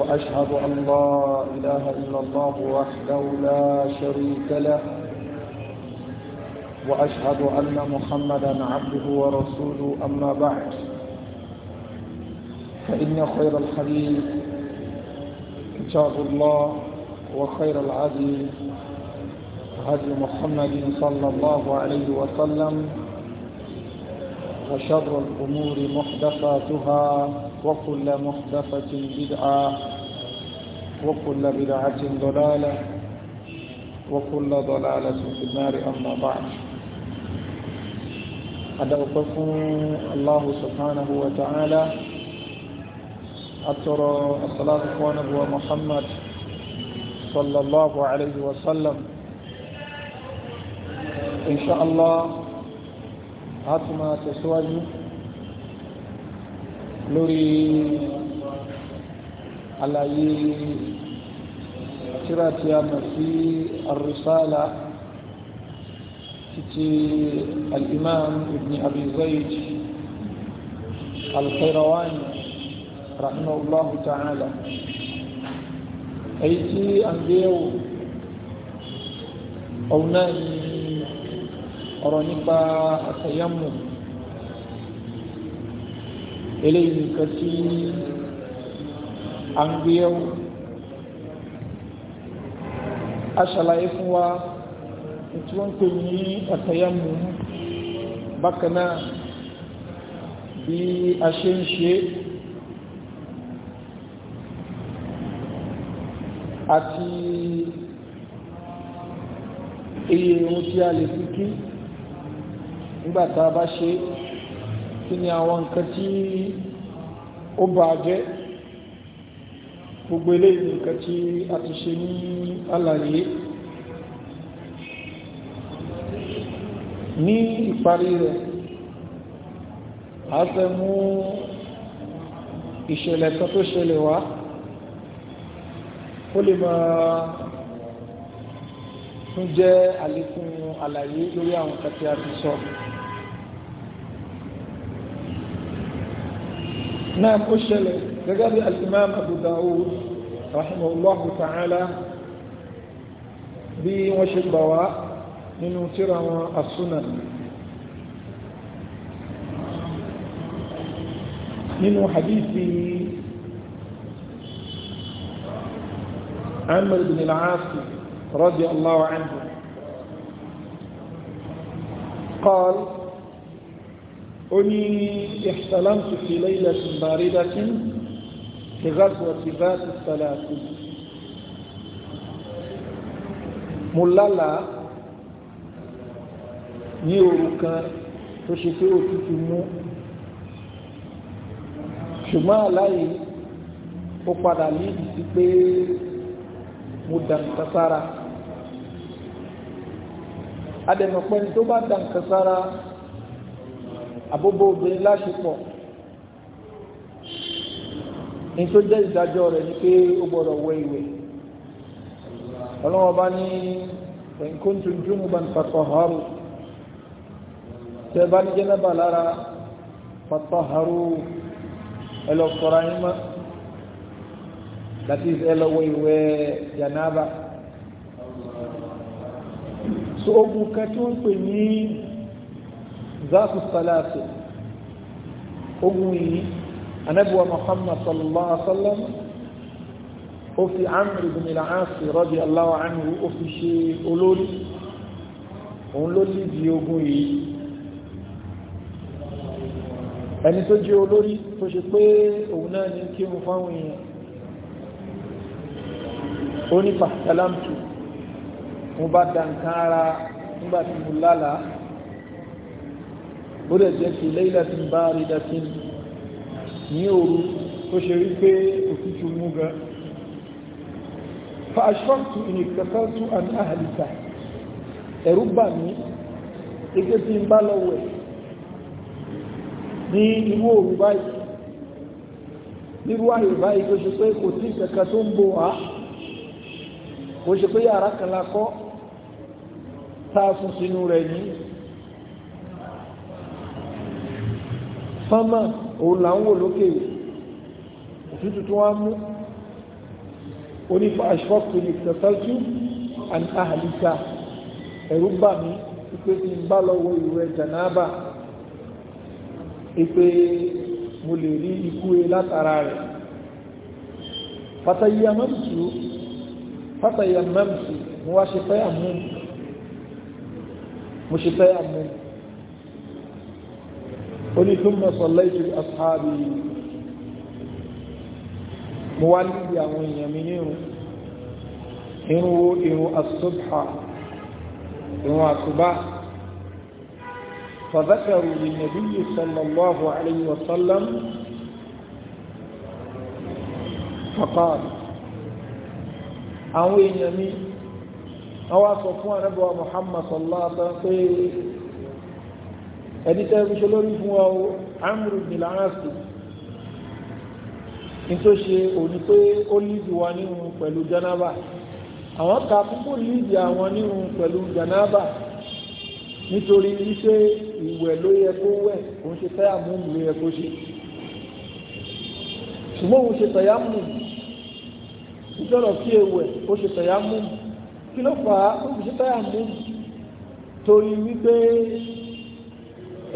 وأشهد أن لا إله إلا الله وحده لا شريك له وأشهد أن محمدا عبده ورسوله أما بعد فإن خير الحديث كتاب الله وخير العدل هدي محمد صلى الله عليه وسلم وشر الأمور محدثاتها وكل محدثة بدعة وكل بدعة ضلالة وكل ضلالة في النار أما بعد أدعوكم الله سبحانه وتعالى أترى الصلاة ونبوة محمد صلى الله عليه وسلم إن شاء الله أتمنى تسواجه lórí àlàyé tíra tí a mọ̀ sí ar-risala títí al-imam ibn abi zayd al-qayrawani rahimahullahu ta'ala èyí tí a ń gbé yẹ̀wò ọ̀hún ọ̀rọ̀ nípa àtẹ̀yẹ́mù eléyìí nìkan tí a ń gbé ẹ̀wò a ṣàlàyé fún wa tí wọ́n ń pè ní àtàyàmù bákan náà bí a ṣe ń ṣe àti iye ohun tí a lè fi kí nígbàtà bá ṣe é kí ni àwọn nǹkan tí ó bà jẹ́ gbogbo eléyìí nǹkan tí a ti ṣe ní àlàyé ní ìparí rẹ̀ a fẹ́ mú ìṣẹ̀lẹ̀ kan tó ṣẹlẹ̀ wá ó lè máa tún jẹ́ àlékún àlàyé lórí àwọn kan tí a ti sọ. نعم أشل لقد الإمام أبو داود رحمه الله تعالى بوش البواء من وطر السنن من حديثه عمر بن العاص رضي الله عنه قال أني احتلمت في ليلة باردة لغزوة ذات الثلاث ملالا ní òru kan tó ṣe pé òtútù mú ṣùgbọ́n aláyé ó padà lídì sí pé mo dànkà sára adẹ̀mọ̀pẹ́ni tó bá dànkà sára àbóbó obìnrin láṣepọ̀ ní tó jẹ́ ìdájọ́ rẹ̀ ni pé ó gbọ́dọ̀ wẹ ìwẹ̀ ọlọ́wọ́ bá ní ẹ̀ńkóńtù júnúban fàtọ̀hárù tẹ́ bá ní jẹ́nàbà lára fàtọ̀hárù ẹlọ́kọ̀ọ́ra yín mọ́ that is ẹlọ́wọ́ ìwẹ̀ jẹ̀nàbà so ogun kan tó ń pè ní ذات السلاسل أمي أنبوى محمد صلى الله عليه وسلم وفي عمرو بن العاص رضي الله عنه وفي شيء أولولي أولولي ديوغوي ẹni tó jẹ́ olórí tó ṣe pé òun náà ní kí mú fáwọn èèyàn ó dẹ̀ jẹ́ ti laylatin baridatin ní òru tó ṣe rí pé òtútù mú gan fa ashfaqtu in iktasaltu an ahlika ẹ̀rù bà mí ike tí ń bá lọ́wọ́ ní inú òru báyìí nírú àyè báyìí tó ṣe pé kò tí ìkẹ̀kẹ́ tó ń bò á kò ṣe pé yàrá kan lakọ́ tá a sùn sínú rẹ̀ ní sánmà òun là ń wò lókè òtútù tó wá mú onípa aṣọ́kù ní ìtẹ̀sẹ́jú àti àhàlìkà ẹ̀rú bà mí wípé tí ń bá lọ́wọ́ ìwẹ̀ jànáàbà wípé mo lè rí ikú e látara rẹ̀ fatayyamamtu fatayyamamtu mo wá ṣe tayammum mo ṣe tayammum oní thumma sallaytu bi ashabi mo wá níbi àwọn èèyàn mi nírun irun wo irun asubha irun àsùbá فذكروا للنبي صلى الله عليه وسلم فقال àwọn èèyàn mi wọ́n wá sọ fún ànábì wa ẹni tẹ́ fi ṣe lórí fún ọ amúrù bin láàásì ní tó ṣe òní pé ó lídì wa nínú pẹ̀lú janaba àwọn ka púpọ̀ lídì àwọn nínú pẹ̀lú janaba nítorí wípé ìwẹ̀ ló yẹ kó wẹ̀ òun ṣe tẹ́ àmúhùn ló yẹ kó ṣe ṣùgbọ́n òun ṣe tẹ̀yàmù ìjọ́rọ̀ kí ewẹ̀ ó ṣe tẹ̀yàmù kí ló fà á ó ṣe tẹ̀yàmù torí wípé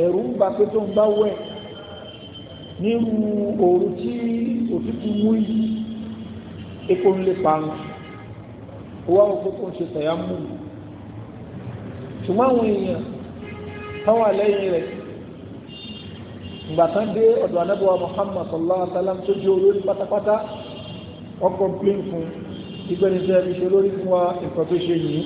ẹ̀rù ń bà pé tó ń bá wẹ̀ nínú òru tí òtútù mú yìí epo ń lè parun wá òkú tó ń ṣe tẹ̀yà mú mi ṣùgbọ́n àwọn èèyàn táwọn àlẹ́yìn rẹ̀ ìgbà tán dé ọ̀dọ̀ anábọ̀wá Muhammad sallallahu alaihi wa sallam tó jẹ́ olórí pátápátá ọkọ̀ ń pín fún ìgbẹ́ni jẹ́ ìṣe olórí fún wa nǹkan tó ṣe yìí.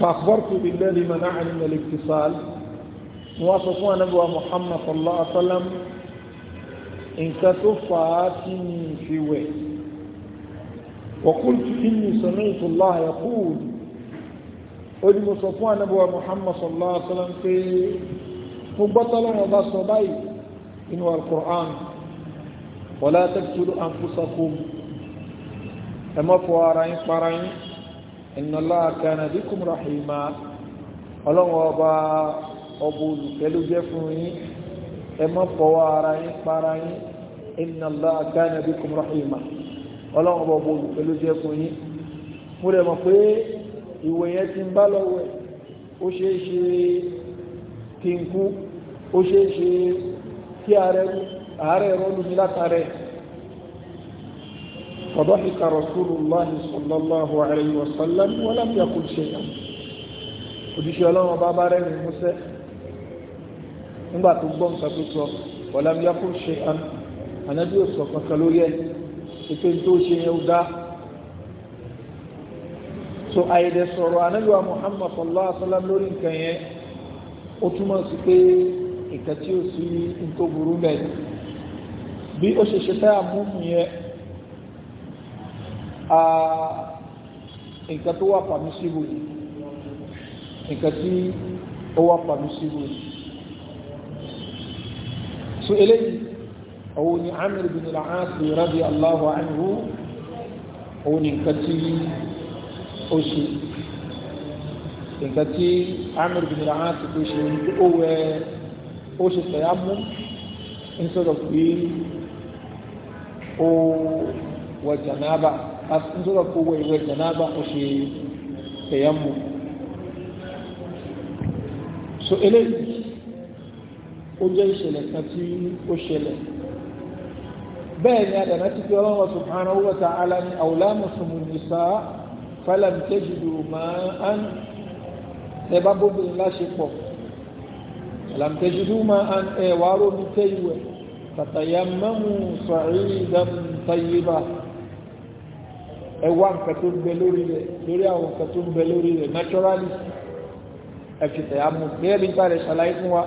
فأخبرت بالذي منعني من الاتصال وصفوا نبوة محمد صلى الله عليه وسلم إن كتفاتني في وين وقلت إني سمعت الله يقول أدم صفوا نبوة محمد صلى الله عليه وسلم في مبطل وضع صبي إنه القرآن ولا تقتلوا أنفسكم أما فوارين فارين inna Allaha kana bikum rahima ọlọ́wọ́ ọba ọba olùkẹ́lú jẹ́ fún yín ẹ má fọwọ́ ara yín para yín inna Allaha kana bikum rahima ọlọ́wọ́ ọba ọba olùkẹ́lú jẹ́ fún yín mo rẹ̀ mọ̀ pé ìwé yẹn ti ń bá lọ́wọ́ ẹ̀ ó ṣeé ṣe kí n kú ó ṣeé ṣe kí ààrẹ rọ́ọ̀lù mi látàrẹ́ فضحك رسول الله صلى الله عليه وسلم ولم يقل شيئا òjíṣẹ́ ọlọ́run bá bá rẹ̀ ní músẹ́ nígbà tó gbọ́ nǹkan tó sọ walam yaqul shay'an ànábì ò sọ kankan lórí ẹ̀ ìpè tó ṣe yẹn ó dá so àyẹ̀dẹ̀ sọ̀rọ̀ ànábì wa Muhammad sallallahu alaihi wasallam lórí nǹkan yẹn ó túmọ̀ sí pé nǹkan tí ó sì ń tó burú bẹ́ẹ̀ bí ó ṣe ṣe tá a mú mu yẹn nǹkan tó wà pàmí síbò yìí nǹkan tí ó wà pàmí síbò yìí so eléyìí òun ni Amr bin al-As radiyallahu anhu òun ni nǹkan tí ó ṣe nǹkan tí Amr bin al-As tó ṣe ní pé ó wẹ ó ṣe tẹ̀yà mú instead of pé ó wọ jànáàbà nítorí ọkọ̀ owó ìwé jẹ̀nàbà ó ṣe ẹ̀yà mú so eléyìí ó jẹ́ ìṣẹ̀lẹ̀ kan tí ó ṣẹlẹ̀ bẹ́ẹ̀ ni adànà ti fi ọlọ́wọ́ subhanahu wa ta'ala ni àwòlá mùsùlùmí nìsá fálàm tẹ́jìdù máa ń ẹbá bóbìnrin láṣepọ̀ fálàm tẹ́jìdù máa ń ẹ̀wà rómi tẹ́yìwẹ̀ tàtàyàmẹ́mù sa'idan tayyiba ẹwà nǹkan tó ń bẹ lórí rẹ̀ lórí àwọn nǹkan tó ń bẹ lórí rẹ̀ naturally ẹ̀fìtẹ̀ amú bẹ́ẹ̀ bí n ta rẹ̀ ṣàlàyé fún wa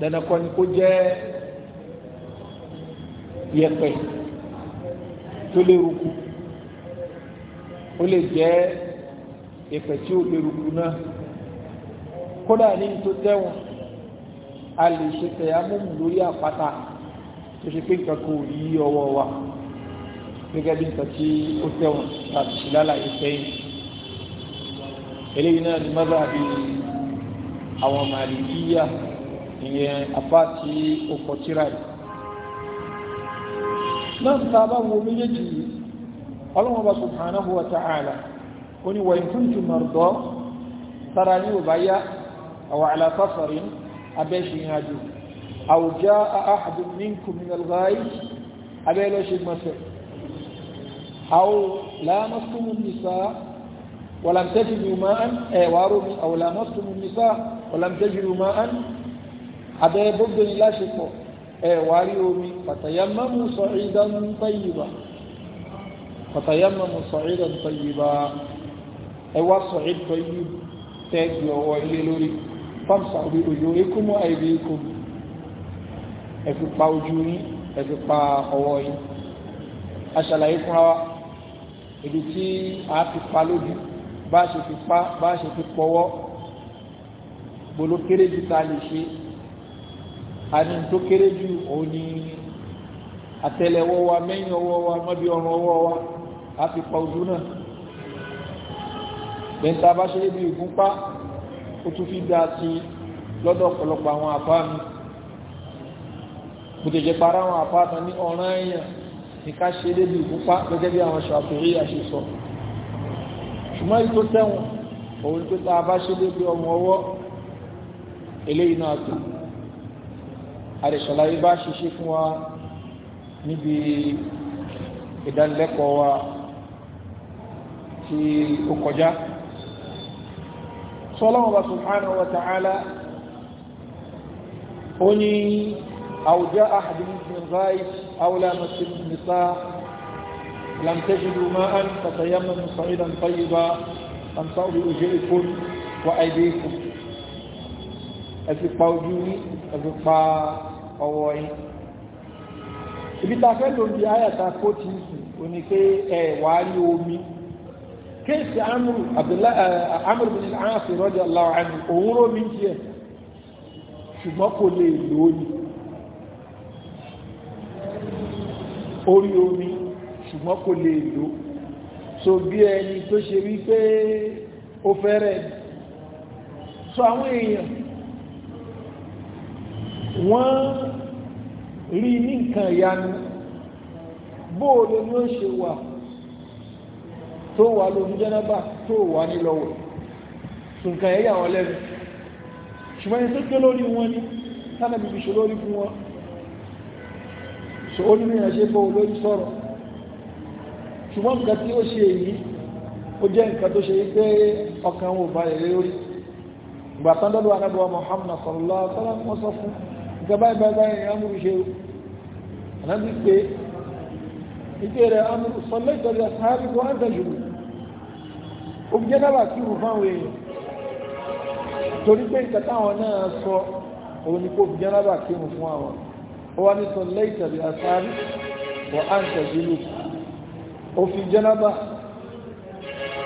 dandan ni kó jẹ́ yẹ̀pẹ̀ tó lè ruku ó lè jẹ́ yẹ̀pẹ̀ tí ó lè ruku náà kódà ní tó tẹ́wọ̀n a lè ṣe tẹ̀yàmú lórí àpáta tó ṣe pé nǹkan kò yí ọwọ́ wa gẹ́gẹ́ bí nǹkan tí ó tẹ̀wọ̀n tàbí ṣì lálàyé sẹ́yìn eléyìí náà ni mọ́bà bí àwọn màlìkíyà ìyẹn apá tí ó kọ tíra yìí náà tá a bá wo méjèèjì yìí ọlọ́wọ́n bá subhanahu wa ta'ala ó ní wà ìfúntù mọ̀rọ̀dọ́ sára ní òbá yá àwọn àlàfáfàrin abẹ́ṣin àjò àwùjá àhàdùn minkum min al abẹ́ lọ́ṣin أو لامستم النساء ولم تجدوا ماء وارمي أو لامستم النساء ولم تجدوا ماء أبي بد لا شكو واريومي فتيمموا صعيدا طيبا فتيمموا صعيدا طيبا أو صعيد طيب تاجي وإلي لوري فامسحوا بوجوهكم وأيديكم أفقا وجوهي أفقا أوي أشعل أيكم ibi tí a fi pa lójú bá ṣe fi pa bá ṣe fi pọwọ́ gbolo kéré jù ta lè ṣe a ní tó kéré jù òun ni àtẹ́lẹwọ́ wa mẹ́yìn ọwọ́ wa mọ́bí ọrùn ọwọ́ wa a fi pa ojú náà bẹ́ńtà bá lébi ìgúnpá ó tún fi dáa sí lọ́dọ̀ ọ̀pọ̀lọpọ̀ àwọn àbá mi kò para àwọn àbá tán ní ọ̀ràn èèyàn ní ká ṣe débi ìfúnpá gẹ́gẹ́ bí àwọn ṣàfihì àṣẹ sọ ṣùgbọ́n èyí tó tẹ̀wọ̀n òun pé tá a bá ṣe débi ọmọ ọwọ́ eléyìí náà tó àdìsọ̀láyé bá ṣiṣẹ́ fún wa níbi ìdánilẹ́kọ̀ọ́ wa tí ó kọjá sọlọ́wọ́n bá subhanahu wa ta'ala ó ní أو جاء أحد من غائب أو لامس النساء لم تجدوا ماء فتيمموا صعيدا طيبا فانصروا بوجهكم وأيديكم أسي قوجوني أسي قوعي بتاكلم في آية تاكوتي ونكي أي والي أمي كيف عمرو عبد الله عمرو بن العاص رضي الله عنه أمور من جهة شو ما قولي لوني orí omi ṣùgbọ́n kò lè lò so bí ẹni tó ṣe wípé ó fẹ́rẹ̀ so àwọn èèyàn wọ́n rí ní nǹkan ìyanu bóòlù ni ó ṣe wà tó wà lómi jẹ́nàbà tó wà nílọ́wọ́ nǹkan ẹ̀yà wọn lẹ́nu ṣùgbọ́n ẹni tó tó lórí wọn ni tánàbí fi ṣe lórí fún wọn so ó ní ìrìnà ṣe bọ́ olórí sọ̀rọ̀ ṣùgbọ́n nǹkan tí ó ṣe èyí ó jẹ́ nǹkan tó ṣe wípé ọkàn ò bá rẹ̀ lórí ìgbà tán dọ́dọ̀ anábọ̀ Muhammad sallallahu alaihi wasallam wọ́n sọ fún nǹkan báyìí báyìí báyìí amúrú ṣe ànábì pé ìdí rẹ̀ amúrú sọlẹ́ ìtọ́jú àsáábì tó ń tẹ̀jú ó jẹ́ dábà kí wù fáwọn náà sọ òun ni kò jẹ́ dábà kí wù fún àwọn ó wá ní sọlẹ́ ìtàbí asáárì wọ á ń tẹ̀sílù ó fi jẹ́nàbà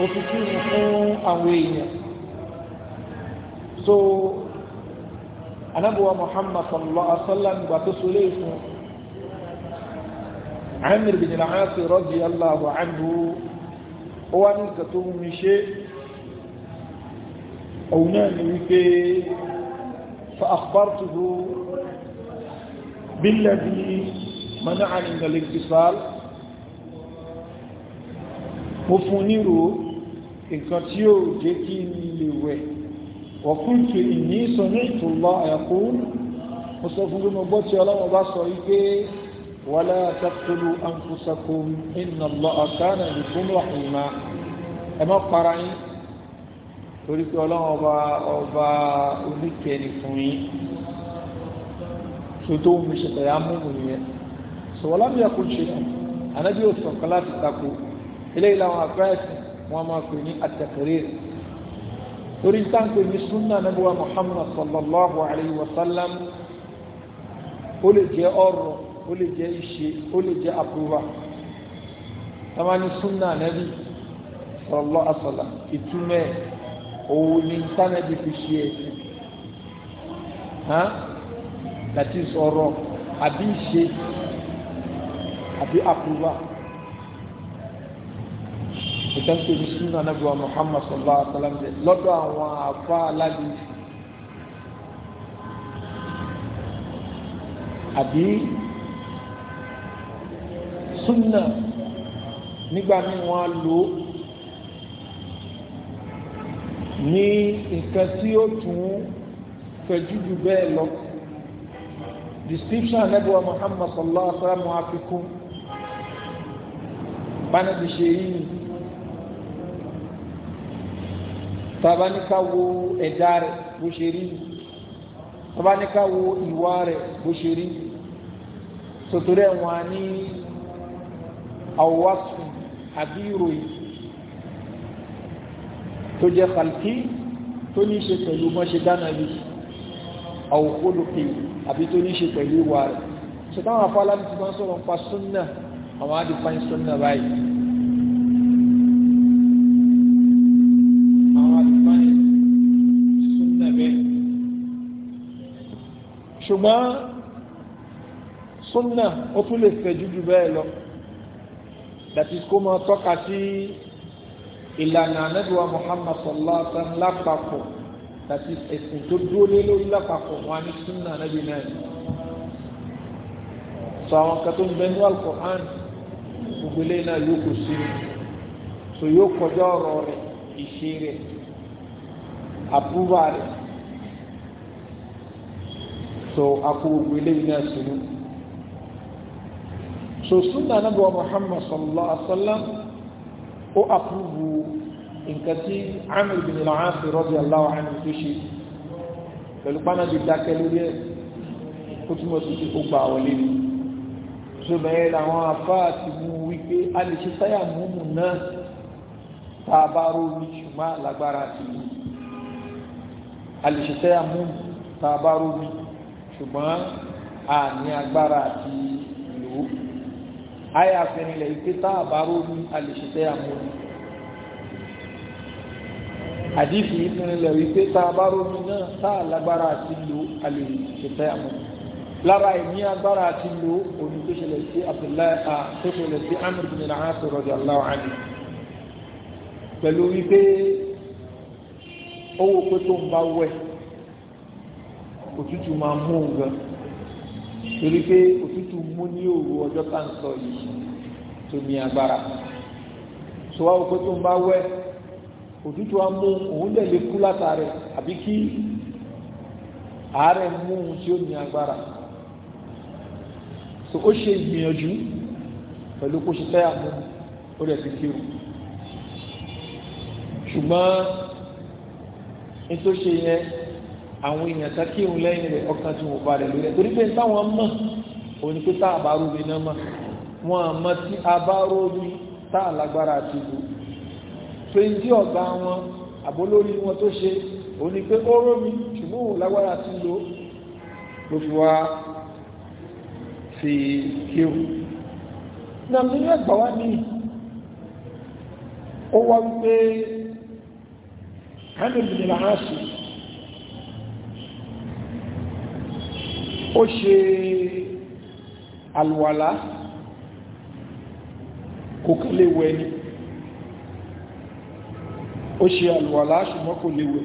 ó fi kírun fún àwọn èèyàn so anabuwa muhammad sallallahu alaihi wasallam gba tó sọlé fún amir bin al-aas radiyallahu anhu ó wá ní nǹkan mi ṣe òun náà ni wípé بالذي منعني من الاتصال وفنيرو إن كتيو جيكين لوي وقلت إني سمعت الله يقول مصطفى بن مبوتي الله مبصريك ولا تقتلوا أنفسكم إن الله كان بكم رحيما أما قرأي تريد الله أبا أبا أوليكني فمي tó tó ń ṣe tẹ̀yà múmu nìyẹn sọ̀wọ́lá mi yà kó ṣe náà ànábì yóò sọ̀kọ́ láti tako eléyìí làwọn àgbáyàsì wọn máa pè ní àtẹ̀kẹ́rẹ́ torí táǹkì ní sunna ànábì wa muhammad sallallahu alayhi wa sallam ó lè jẹ́ ọ̀rọ̀ ó lè jẹ́ ìṣe ó lè jẹ́ àpúrúwà tamani sunna ànábì sallallahu alayhi wa sallam ìtumẹ̀ òun ní sànàbí fi ṣe ẹ̀sìn láti sọ̀rọ̀ àbí ìṣe àbí àpúrúwà ìtẹ́sí ní súnà nàbíwá Muhammad sallallahu alaihi wa sallam lọ́dọ̀ àwọn àfa aládìí àbí súnà nígbà ní wọn lò ní nǹkan tí ó tún fẹjú jù bẹ́ẹ̀ lọ description anabiwa muhammad sallallahu alaihi wa sallam wa afikun bana bi ṣe yìí ni tabanika wo ẹ̀dá rẹ̀ bó ṣe rí tabanika wo ìwà rẹ̀ bó ṣe rí awasu àbí ìròyìn tó jẹ́ kàlùkì tó ní í ṣe pẹ̀lú mọ́ṣẹ́ dáná yìí àwòkólókè àbí tó ní ṣe pẹ̀lú ìwà rẹ̀ so táwọn afọ́lá ti máa ń sọ̀rọ̀ pa súnà àwọn á di fáyín súnà báyìí àwọn á di fáyín súnà bẹ́ẹ̀ ṣùgbọ́n súnà ó tún lè fẹ̀ jújù bẹ́ẹ̀ lọ that kó máa tọ́ka sí ìlànà anábìwá Muhammad sallallahu alaihi wa lápapọ̀ tàbí ẹ̀sìn tó dúró lé lórí lápapọ̀ wọn ní súnà nábì náà ni sọ àwọn kan tó ń bẹ ní alukur'an gbogbo eléyìí náà yóò kó sí i so yóò kọjá ọ̀rọ̀ rẹ̀ ìṣe rẹ̀ àbúrò rẹ̀ so akó gbogbo eléyìí náà sínú so súnà nábì wa Muhammad sallallahu alaihi wa sallam ó nǹkan tí Amr bin al-As radiyallahu anhu tó ṣe pẹ̀lú pánà ti dákẹ́ lórí ẹ̀ ó túmọ̀ sí ó gbà wọlé ni ṣùgbọ́n ẹ̀ làwọn afáà ti mú wípé a lè ṣe táyà múmu náà tá a bá rómi ṣùgbọ́n lágbára ti mú a lè ṣe táyà múmu tá a bá rómi ṣùgbọ́n a ní agbára ti lò ó àyàfẹ́ni lẹ́yìn pé tá a bá rómi a lè ṣe táyà múmu àdìsí yìí fún wípé tá a bá rómi náà tá a lágbára àti lo alè ṣètẹ́ àmọ́ lára ìní agbára àti lo omi tó ṣẹlẹ̀ sí Abdullahi a tó ṣẹlẹ̀ sí Amr bin al-As radiyallahu anhu pẹ̀lú wípé owó pé tó ń bá wẹ̀ òtútù máa mú un gan torí pé òtútù mú ní òru ọjọ́ tá à ń sọ yìí tó ní agbára tó wá owó pé tó ń bá wẹ̀ òtútù á mú òun dẹ̀ lè kú látàrí àbí kí àárẹ̀ mú un tí ó ní agbára so ó ṣe ìgbìyànjú pẹ̀lú kó ṣe tẹ́yà mú ó rẹ̀ fi kírun ṣùgbọ́n nítorí ṣe yẹn àwọn èèyàn tá kírun lẹ́yìn rẹ̀ ọkàn tí wọ́n balẹ̀ lórí ẹ̀ torí pé táwọn mọ̀ òun ni pé tá àbárò mi náà mọ̀ wọn àmọ́ tí àbárò mi tá àlágbára àti ìlú so yìí tí ọ̀gá wọn àbólórí wọn tó ṣe òun ni pé ó rómi ṣùgbọ́n òun lágbára ti lo ló fi wá fi kírun náà nínú ẹgbà wá ní ó wá wípé hannibal lahansi ó ṣe alwala kò kálẹ̀ wẹ̀ ni ó ṣe àlùwàlá ṣùgbọ́n kò léwẹ̀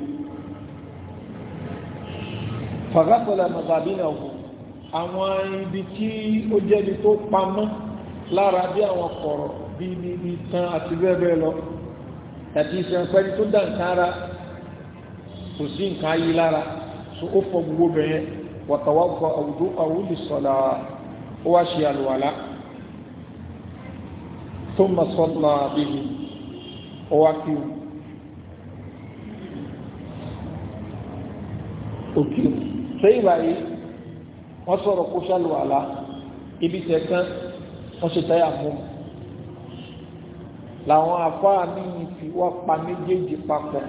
fàgásọ̀lá màbàbínà wò àwọn ibi tí ó jẹ́bi tó pamọ́ lára bí àwọn kọ̀rọ̀ bí ibi tán àti bẹ́ẹ̀ bẹ́ẹ̀ lọ tàbí ìṣẹ̀ǹpẹ́ni tó dà nǹkan ara kò sí nǹkan ayé lára so ó fọ gbogbo bẹ̀yẹ wàtàwàgbọ́ àwùjọ àwùlì sọ̀lá ó wá ṣe àlùwàlá tó mọ̀ sọ́lá bíi ó wá kí o. òkè sẹ́yìn báyìí wọ́n sọ̀rọ̀ kó ṣàlùwàlá ibi tẹ̀kan wọ́n ṣe táyà mú làwọn afáà ní ìfi wá pa méjèèjì papọ̀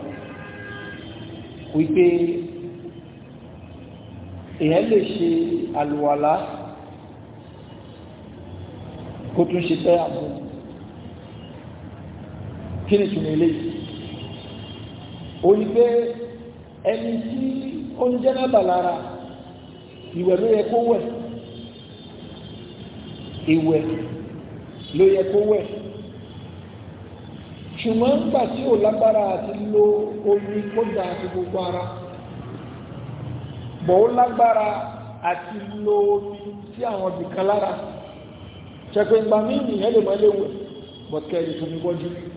wípé èèyàn lè ṣe àlùwàlá kó tún ṣe táyà mú kí ni tùmí eléyìí ó ní pé ẹni tí Omujana balara, iwe l'oyeku we, iwe l'oyeku we, shuman gba si o lagbara ati lo oyi kota si bụ gbara, bọ o ati lo omi si ahụ ọbịka lara, chekwa ịgba meebi ha na ma na-ewu otel nke onugbu ọdịnihu.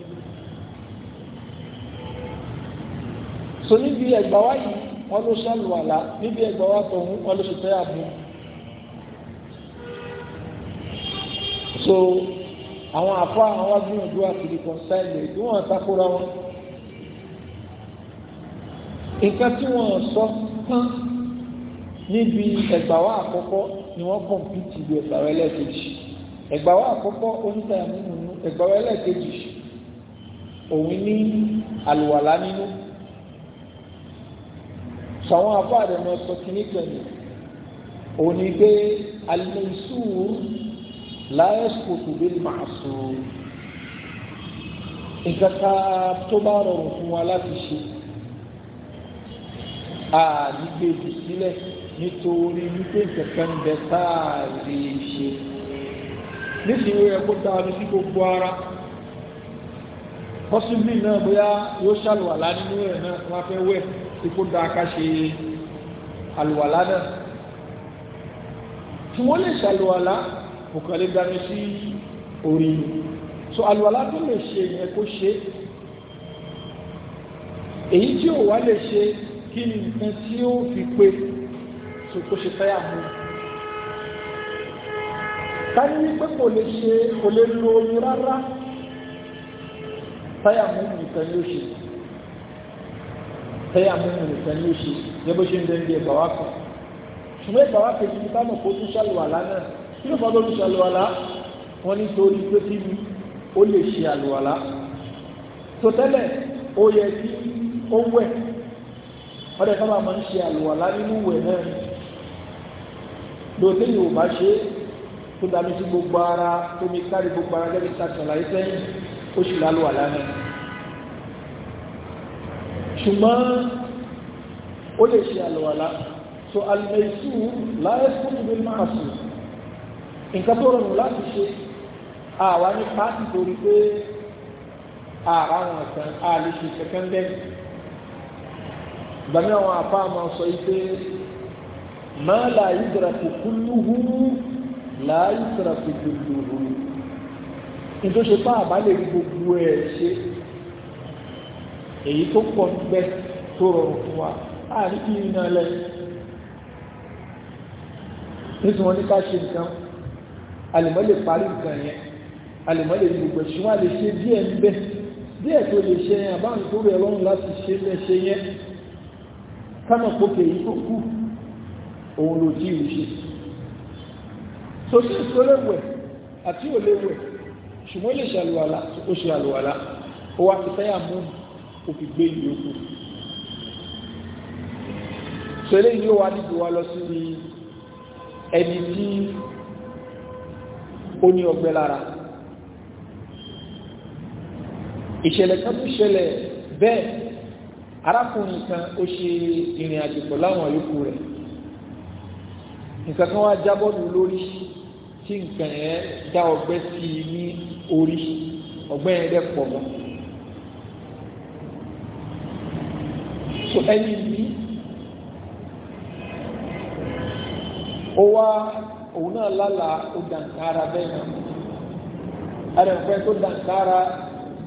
Soni bi ebe wọ́n ló ṣàlù àlá níbi ẹgbà wá tọ̀hún wọ́n ló ṣe tẹ́ àbú so àwọn àfa àwọn agbóhùnjú àti reconcile tí wọ́n takora wọn nǹkan tí wọ́n sọ tán níbi ẹgbà wá àkọ́kọ́ ni wọ́n kọ̀mpútì lu ẹgbà wá ẹlẹ́ẹ̀kejì ẹgbà wá àkọ́kọ́ oníṣẹ́ àmúhùn ẹgbà wá ẹlẹ́ẹ̀kejì òun ní àlùwàlá nínú sàwọn afáàdé náà sọ kìíní kẹ́ni òun ni pé al-maysūr lā yasqutu bil-ma'sūr nǹkan ká tó bá rọrùn fún wa láti ṣe àdìgbèjì sílẹ̀ nítorí wípé nǹkan bẹ tá a lè ṣe nísìnyí ó yẹ kó dáa ní sí gbogbo ara possibly náà bóyá yóò ṣàlùwàlá nínú ẹ̀ náà wọ́n á fẹ́ wẹ̀ tí kò dáa ká ṣe àlùwàlá náà tí wọ́n lè ṣàlùwàlá kò kàn lè dání sí orí so àlùwàlá tó lè ṣe yẹn kó ṣe èyí tí ò wá lè ṣe kí nǹkan tí ó fi pé so kó ṣe fẹ́ àmú ká ní wípé kò lè ṣe kò lè lo omi rárá táyà mú nìkan ló ṣe tẹ́yà múmu nìkan ní oṣù yẹ bó ṣe ń dẹ́ndé ẹ̀bà wá kan ṣùgbọ́n ẹ̀bà wá kejì ní káàmù kó tún ṣàlùwàlá náà kí ló fà lórí ṣàlùwàlá wọn nítorí pé kí ni ó lè ṣe àlùwàlá tó tẹ́lẹ̀ ó yẹ kí ó wẹ̀ ọ̀dẹ̀ sábà máa ń ṣe àlùwàlá nínú wẹ̀ náà lóòótọ́ yìí ò bá ṣe tó dàbí sí gbogbo ara tó kárí gbogbo ara gẹ́gẹ́ ṣùgbọ́n ó lè ṣe àlùwàlá so alìmẹ̀sù láyẹ́sùn ní máa sùn nǹkan tó rọrùn láti ṣe àwa ní pàtì torí pé ààrá wọn kan àlè ṣe kankan lẹ́yìn gbàmí àwọn àpá máa sọ yìí pé máa láàyè dara kò kúlúhù láàyè dara kò kúlúhù nítorí gbogbo ẹ̀ ṣe èyí tó pọ̀ gbẹ tó rọrùn fún wa láàrin kí iná lẹ nítorí wọn ní ká ṣe nǹkan àlùmọ́ lè parí nǹkan yẹn àlùmọ́ lè gbogbo ṣùgbọ́n a lè ṣe díẹ̀ ń bẹ díẹ̀ tó lè ṣe yẹn àbáwọn tó rẹ̀ lọ́rùn láti ṣe bẹ́ ṣe yẹn kánà pókè yìí tó kú òun ló jí ìlú ṣe so sí ìsọ́lẹ̀wẹ̀ àti òlẹ̀wẹ̀ ṣùgbọ́n lè ṣàlùwàlá ó ṣe àlùwàlá ó wá ti fẹ́ àmúhùn kò fi gbé ìyókù sọlẹ́ yìí wà níbi wa lọ sí ni ẹni tí ó ní ọgbẹ́ lára ìṣẹ̀lẹ̀ kan tó ṣẹlẹ̀ bẹ́ẹ̀ arákùnrin kan ó ṣe ìrìn àjò pọ̀ láwọn yòókù rẹ̀ nǹkan kan wá jábọ́ọ̀lù lórí tí nǹkan yẹn dá ọgbẹ́ sí i ní orí ọgbẹ́ yẹn dẹ̀ pọ̀ mọ́. so ẹni yìí ó wá òun náà lálà ó dànkára bẹ́ẹ̀ náà àdàpẹ́ tó dànkára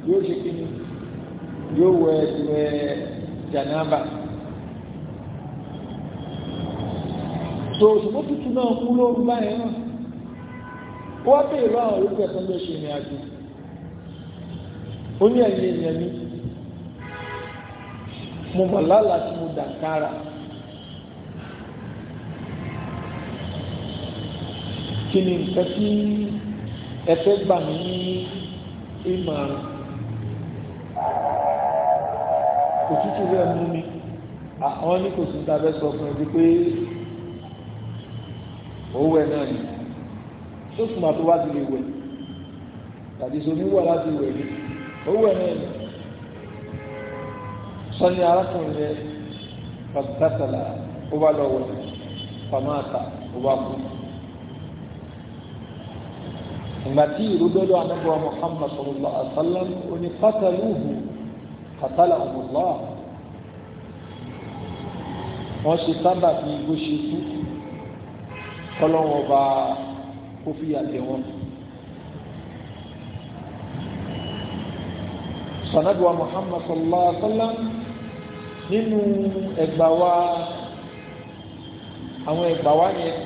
yóò ṣe kí ni yóò wẹ ìwẹ̀ jànáàbà so ṣùgbọ́n tuntun náà kú lóru báyìí náà ó wá bèèrè àwọn olùkọ́ ẹ̀sán ló ṣe ìrìn àjò ó ní ẹ̀yìn ènìyàn ní mo mọ̀ lálà tí mo dà kára. kí ni nǹkan tí ẹ fẹ́ gbà mí ní ìmọ̀ràn òtútù rẹ̀ mú mi àwọn ní kò sí abẹ́ sọ fún ẹbí pé owó ẹ̀ náà ni tó tó wá ti lè wẹ̀ tàbí so ní wà láti wẹ̀ ni owó ẹ̀ náà ni wọ́n ní arákùnrin rẹ̀ pàtàkàlà ó bá lọ wọ̀ pàmáàtà ó bá kú. ìgbà tí ìlú dọ́dọ̀ anábọ̀ Muhammad sallallahu alaihi wasallam oní pátálùhù pátálà ọ̀mùlá wọ́n ṣe sábà bí bó ṣe kú kọ́lọ́wọ́ bá kó fìyà jẹ wọn. sanaduwa Muhammad sallallahu alaihi nínú ẹgbà wa àwọn ẹgbà wa yẹn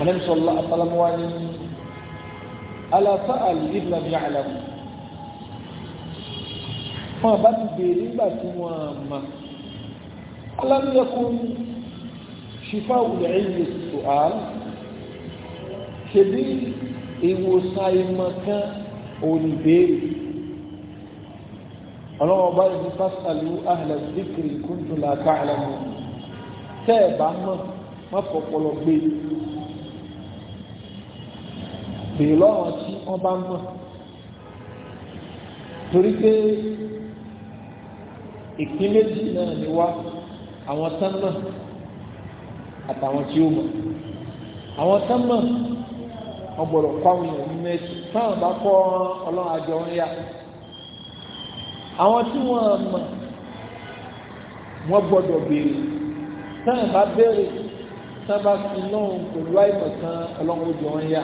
anamisọlá asalamuwa ni alasa alibla ni alamu wọn bá ti béèrè nígbà tí wọn mọ alámiyẹkùn ṣìfà wùlẹ̀ ẹ̀yẹ sùhàn ṣèbí ìwòsàn ìmọ̀ kan òní béèrè ọlọ́wọ́ báyìí ní fásitì ahla zikiri kuntu la ta'lamu tẹ́ ẹ̀ bá mọ̀ má fọpọlọ gbé bèè lọ́wọ́ tí wọ́n bá mọ̀ torí pé ìpín méjì náà ni wá àwọn tán mọ̀ àtàwọn tí ó mọ̀ àwọn tán mọ̀ wọ́n gbọ́dọ̀ kọ́ àwọn èèyàn nínú ẹ̀sìn táwọn bá kọ́ ọlọ́run àjọ ń yá àwọn tí wọ́n mọ̀ wọ́n gbọ́dọ̀ béèrè táwọn bá béèrè táwọn bá fi lọ́hùn pẹ̀lú àìmọ̀kan ọlọ́run ojú wọn yá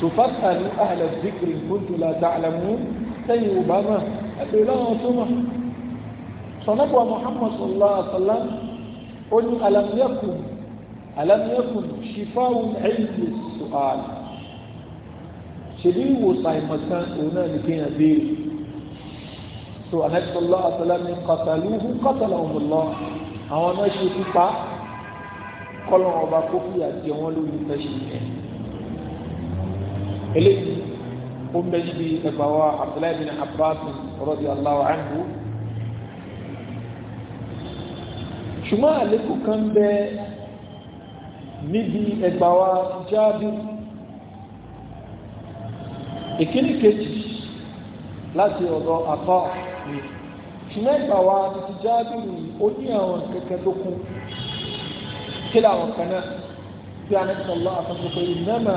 tòfàtàlú àlẹ́ zikiri gbójúlá dàlẹ́mú sẹ́yìn ò bá mọ̀ ẹ̀bẹ̀ lọ́wọ́ tó mọ̀ sọ̀nàbọ̀ Muhammad sallallahu alaihi ó ní alamiyakun alamiyakun shifawun ẹ̀yìn su'al ṣèlú ìwòsàn àìmọ̀kan òun náà ní kéèyàn béèrè so anẹ́sọ̀lọ́ àtàlámi kọtàlúhù kọtàlá òmùlọ àwọn náà ṣe pípa kọlọ̀ ọba kó fi àjẹ wọn lórí ìfẹ́ ṣe yẹn eléyìí ó bẹ níbi ẹgbà wa abdullahi bin abbas radiyallahu anhu ṣùgbọ́n àlékún kan bẹ níbi ẹgbà wa jáde ìkíni kejì láti ọ̀dọ̀ àtọ́ ṣùgbọ́n ìgbà wa títí jábìrì ó ní àwọn kẹ̀kẹ́ tó kún kí làwọn kan náà bí a nẹ́sọ̀ lọ àtàkùn pé ìnáma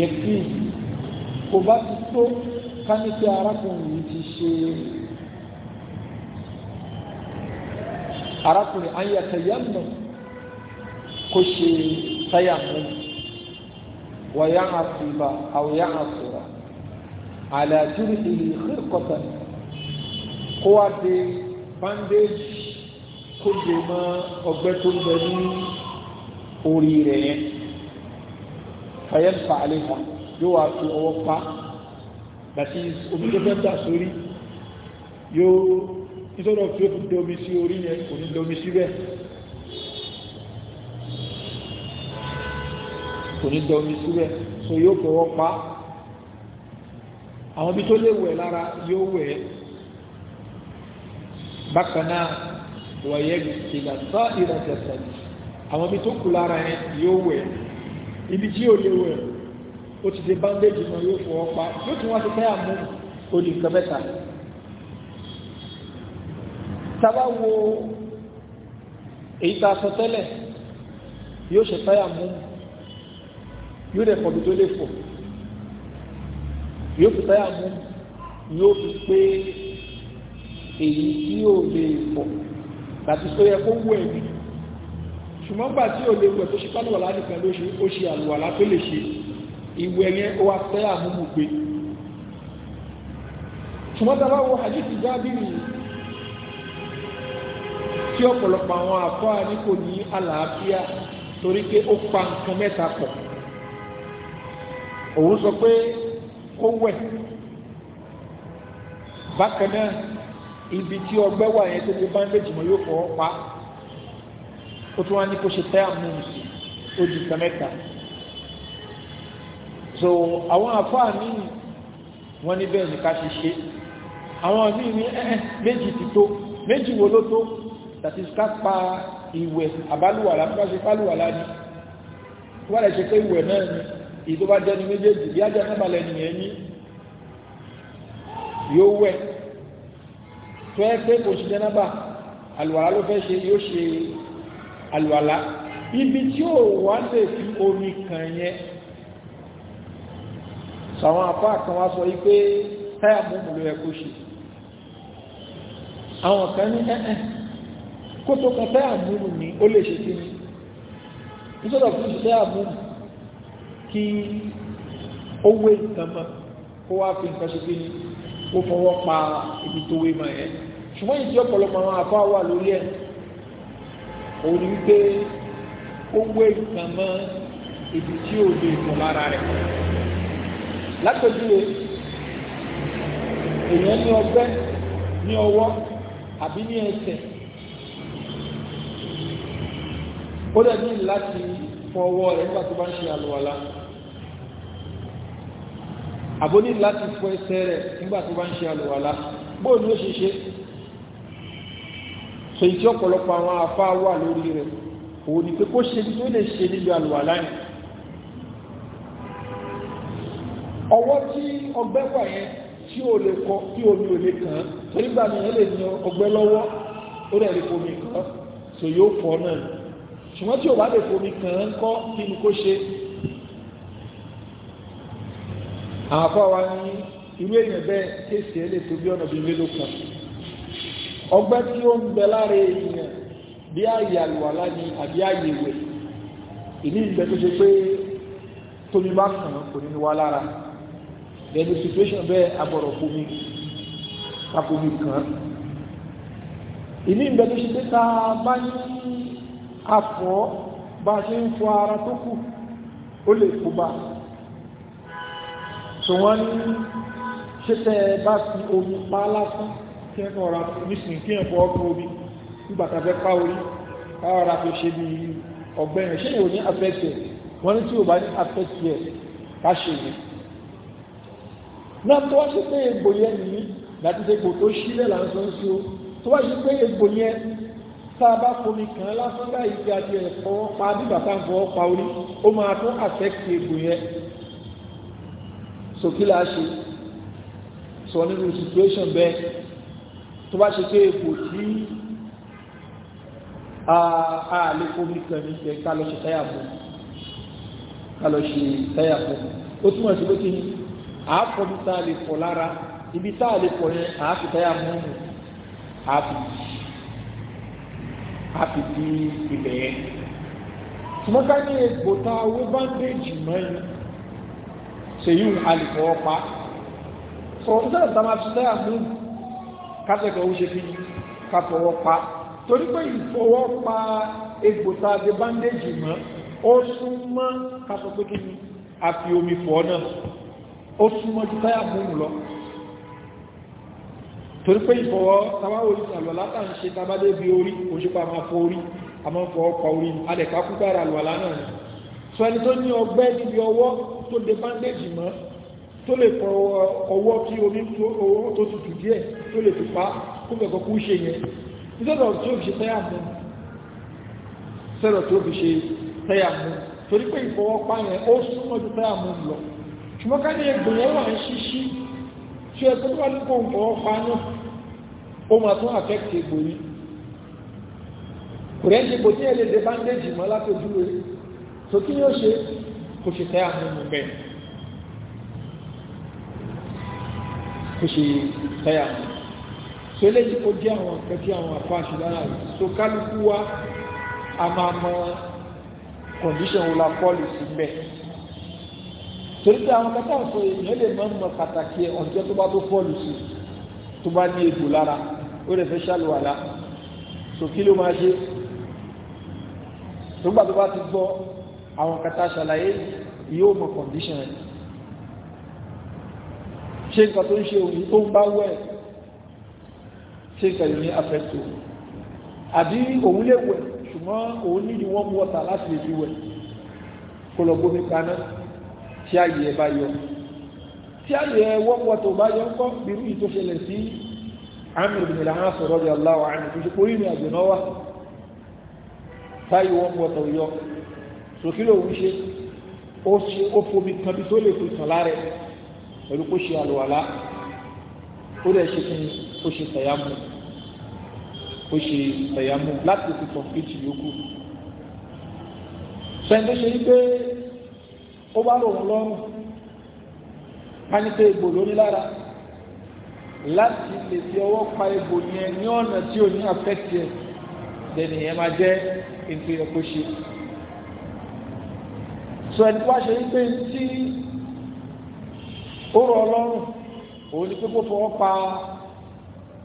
yẹ̀kí kò bá ti tó ká ní pé arákùnrin yìí ti ṣe arákùnrin ayatollah kò ṣe tayamu wà yá àtìbà àwọn yá àlàtúrì ìlúkọ̀tà kó wá de bandage kó de mọ́ ọgbẹ́ tó ń bẹ ní orí rẹ̀ yẹn fayẹ́ǹfà àlehà yóò wá fi ọwọ́ pa dàtí omi tó fẹ́ dà sórí yóò nítorí ọ̀fẹ́ fi domi sí orí yẹn kò ní domi síbẹ̀ kò ní domi síbẹ̀ so yóò fọwọ́ pa àwọn ibi tó lè wẹ̀ lára yóò wẹ̀ bákan náà wọ̀nyẹ́ ìlàtọ́ ìlàtẹ̀sẹ̀ àwọn ibi tó kù lára yẹn yóò wẹ̀ ibi tí yóò lè wẹ̀ ó ti ṣe bandage náà yóò fọ ọ́pá yóò tún wá sí táyà mú olè nǹkan mẹ́ta tábà wo èyí tá a sọ tẹ́lẹ̀ yóò ṣe táyà mú yóò dẹ̀ fọ̀ bí tó lè fọ̀ yóò fi táyà mú yóò fi pé èyí tí yóò lè pọ̀ láti tó yẹ kó wú ẹ̀mí ṣùgbọ́n gbà tí ò lè pẹ̀ tó ṣe pálọ̀wàlá nìkan ló ṣe ó ṣe àlùwàlá tó lè ṣe ìwẹ̀ yẹn ó wá táyà mú mú pé ṣùgbọ́n tá a bá wo hadith Jábìrì tí ọ̀pọ̀lọpọ̀ àwọn àfáà ní kò ní àlàáfíà torí pé ó pa nǹkan mẹ́ta pọ̀ òun sọ pé kó wẹ̀ bákan náà ibi tí ọgbẹ́ wà yẹn tó fi bandage mọ́ yóò fọwọ́ pa ó tún wá ní kó ṣe tayammums ó di nǹkan mẹ́ta so àwọn àfáà míì wọ́n ní bẹ́ẹ̀ ní ká ṣe ṣe àwọn míì ní ẹ́ méjì ti tó méjì wo ló tó tàbí ká pa ìwẹ̀ àbálùwàlá fúnra ṣe pálùwàlá ni wọ́n lè ṣe pé ìwẹ̀ náà ni èyí tó bá jẹ́ ní méjèèjì bí ajá náà balẹ̀ nìyẹn ní yóò wẹ̀ tó ẹ pé kò sí jẹ́nàbà àlùwàlá ló fẹ́ ṣe yóò ṣe àlùwàlá ibi tí ó wà lè fi omi kàn yẹn sàwọn apá kan wá sọ wípé táyà múmu ló yẹ kó ṣe àwọn kan ní ẹ́ẹ́ kó kan táyà múmu ni ó lè ṣe kí ni nítorí ọ̀pọ̀ táyà múmu kí ó wé nǹkan mọ́ kó wá fi nǹkan ṣe kíni ó fọwọ́ pa ibi tó wé mọ́ yẹn ṣùgbọ́n ìdí ọ̀pọ̀lọpọ̀ àwọn àbá wà lórí ẹ̀ òun ni wípé ó wé nǹkan mọ́ ibi tí ò lè dùn lára rẹ̀ látọ̀júwe èèyàn ní ọgbẹ́ ní ọwọ́ àbí ní ẹsẹ̀ ó dẹ̀ ní láti fọ ọwọ́ rẹ̀ nígbà tó bá ń ṣe àlùwàlá àbó ní láti fọ ẹsẹ̀ rẹ̀ nígbà tó bá ń ṣe àlùwàlá bóò ní ó ṣe ṣe so ìtí ọ̀pọ̀lọpọ̀ àwọn afá wà lórí rẹ̀ òun ni pé kó ṣe bí tó lè ṣe níbi àlùwàlá ni ọwọ́ tí ọgbẹ́ wà yẹn tí ó lè kọ tí omi ò lè kàn án torí gbà mí ẹ lè ní ọgbẹ́ lọ́wọ́ ó rẹ̀ lè fomi kàn án so yóò fọ náà ṣùgbọ́n tí ò bá lè fomi kàn án kọ́ kí ni kó ṣe àwọn afọ wa ní irú èèyàn bẹ́ẹ̀ kéèsì ẹ̀ lè tó bí ọ̀nà bíi mélòó kan ọgbẹ́ tí ó ń bẹ lára èèyàn bí ààyè àlùwàlá ni àbí ààyè ìwẹ̀ ìní ìgbẹ́ tó ṣe pé tómi bá kàn án kò ní wá lára ẹni situation bẹ́ẹ̀ agbọ̀rọ̀ fomi káfomi kàn án ìní ìgbẹ́ tó ṣe pé tá bá ní afọ́ bá ṣe ń fọ ara tó kù ó lè kú bá so wọ́n ní ṣẹ́tẹ́ bá fi omi pa lásán kí ẹ̀kọ́ ọ̀rá nísìnyí kí ẹ̀kọ́ ọkọ̀ omi nígbàtàfẹ́ pa orí káwàrá fi ṣe bí ọgbẹ́rin ṣe ìwò ní afẹ́tẹ̀ wọ́n ní tí ò bá ní afẹ́tẹ̀ káṣe ní náà tó wá ṣe pé tá a bá fomi kàn án lásán láì fi àti ẹ̀fọ́ pa bí bàtà ń fọwọ́ pa orí ó máa tún àtẹ́kì egbò yẹn sòkí là á ṣe sọ nínú situation bẹ́ẹ̀ tó bá ṣe pé egbò tí a lè fomi kàn ní ìfẹ́ ká lọ ṣe táyà bọ̀ ká lọ ṣe táyà bọ̀ ó túmọ̀ sí pé kí ni àáfọ̀ bí tá a lè fọ̀ lára ibi tá a lè fọ̀ yẹn àáfi táyà mọ́ ọ̀nà àáfi yìí àti di ibẹ̀ yẹn ṣùgbọ́n ká ní egbò ta owó bandage mọ́ni ṣèyí àlùkò ọ̀pá sọ̀rọ̀ sẹ́yìn tá a máa fi sẹ́yà mú kásẹ̀kọ̀ ó ṣe fi ká fọwọ́ pa torí pé ìfọwọ́ pa egbò ta di bandage mọ́ ó súnmọ́ ká pé kí ni a fi omi fọ̀ náà ó súnmọ́ ju sẹ́yà mú lọ torí pé ìfọwọ́ tàbáwò ìsàlọ̀lá tà ń ṣe tàbádé bí orí òṣùpá máa fọ orí a fọ ọkọ̀ orí adẹ̀ká kúgbàrà àlọ́lá náà ni sọ ẹni tó ní ọgbẹ́ níbi ọwọ́ tó de bandage mọ́ tó lè fọ ọwọ́ kí omi owó tó tutù díẹ̀ tó lè fipá kó fẹ̀kọ́ kú ṣe yẹn sọ́dọ̀ tó fi ṣe tẹ́yà mú sọ́dọ̀ tó fi ṣe tẹ́yà mú torí pé ìfọwọ́pá yẹn ó súnmọ́ ju tẹ́yà mú lọ ṣùgbọ́n ká tí ẹ tó ó máa tún affect egbò yìí kò rẹ́ǹdì egbò tí ẹ lè dé bandage mọ́ látòjúwe tó kí yóò ṣe kò ṣe tẹ́ àwọn ọmọ bẹ́ẹ̀ kò ṣe tẹ́ àwọn so eléyìí ó jẹ́ àwọn nǹkan tí àwọn àfáàṣì lára rẹ̀ so kálukú wa a máa mọ condition wo la pọ́ọ̀lù sí bẹ́ẹ̀ torí pé àwọn kẹta ọ̀sọ̀ èèyàn lè máa ń mọ pàtàkì ẹ̀ ọ̀jọ́ tó bá tó pọ́ọ̀lù tó bá ní egbò lára ó lè fẹ́ ṣàlùwàlá so kí ló máa ṣe tó gbà tó bá ti gbọ́ àwọn kata ṣàlàyé yóò mọ kọ̀ǹdíṣàn rẹ̀ ṣé nǹkan tó ń ṣe òun tó ń bá wẹ̀ ṣé nǹkan yìí ní afẹ́tò àbí òun lè wẹ̀ ṣùgbọ́n òun nídìí wọ́n mú ọ̀tà láti lè fi wẹ̀ kó lọ gbómi kaná tí àyè ẹ̀ bá yọ tí àyè ẹ̀ wọ́pọ̀ tó bá yọ ń kọ́ bí irú yìí tó ṣẹlẹ̀ sí amir bin al-aas radiyallahu anhu kò ṣe kó rìnrìn àjò náà wá táyì wọn bọ̀ tọ̀ yọ sókè lòun ṣe ó ṣe ó fomi kan bí tó lè fi tàn lára pẹ̀lú kó ṣe àlùwàlá ó dẹ̀ ṣe fún ó ṣe tàyámù ó ṣe tàyámù láti fi tàn fi tì yókù sẹ́ńdé ṣe ní pé ó bá rò lọ́rùn ká ní pé egbò lára láti lè fi ọwọ́ pa egbò yẹn ní ọ̀nà tí ò ní àfẹ́tì ẹ̀ lẹ́nu yẹn máa jẹ́ ètò ẹ̀kọ́ ṣe. sọ ẹni wá ṣe wípé tí ó rọ ọlọ́run òun ni pé kó fọwọ́ pa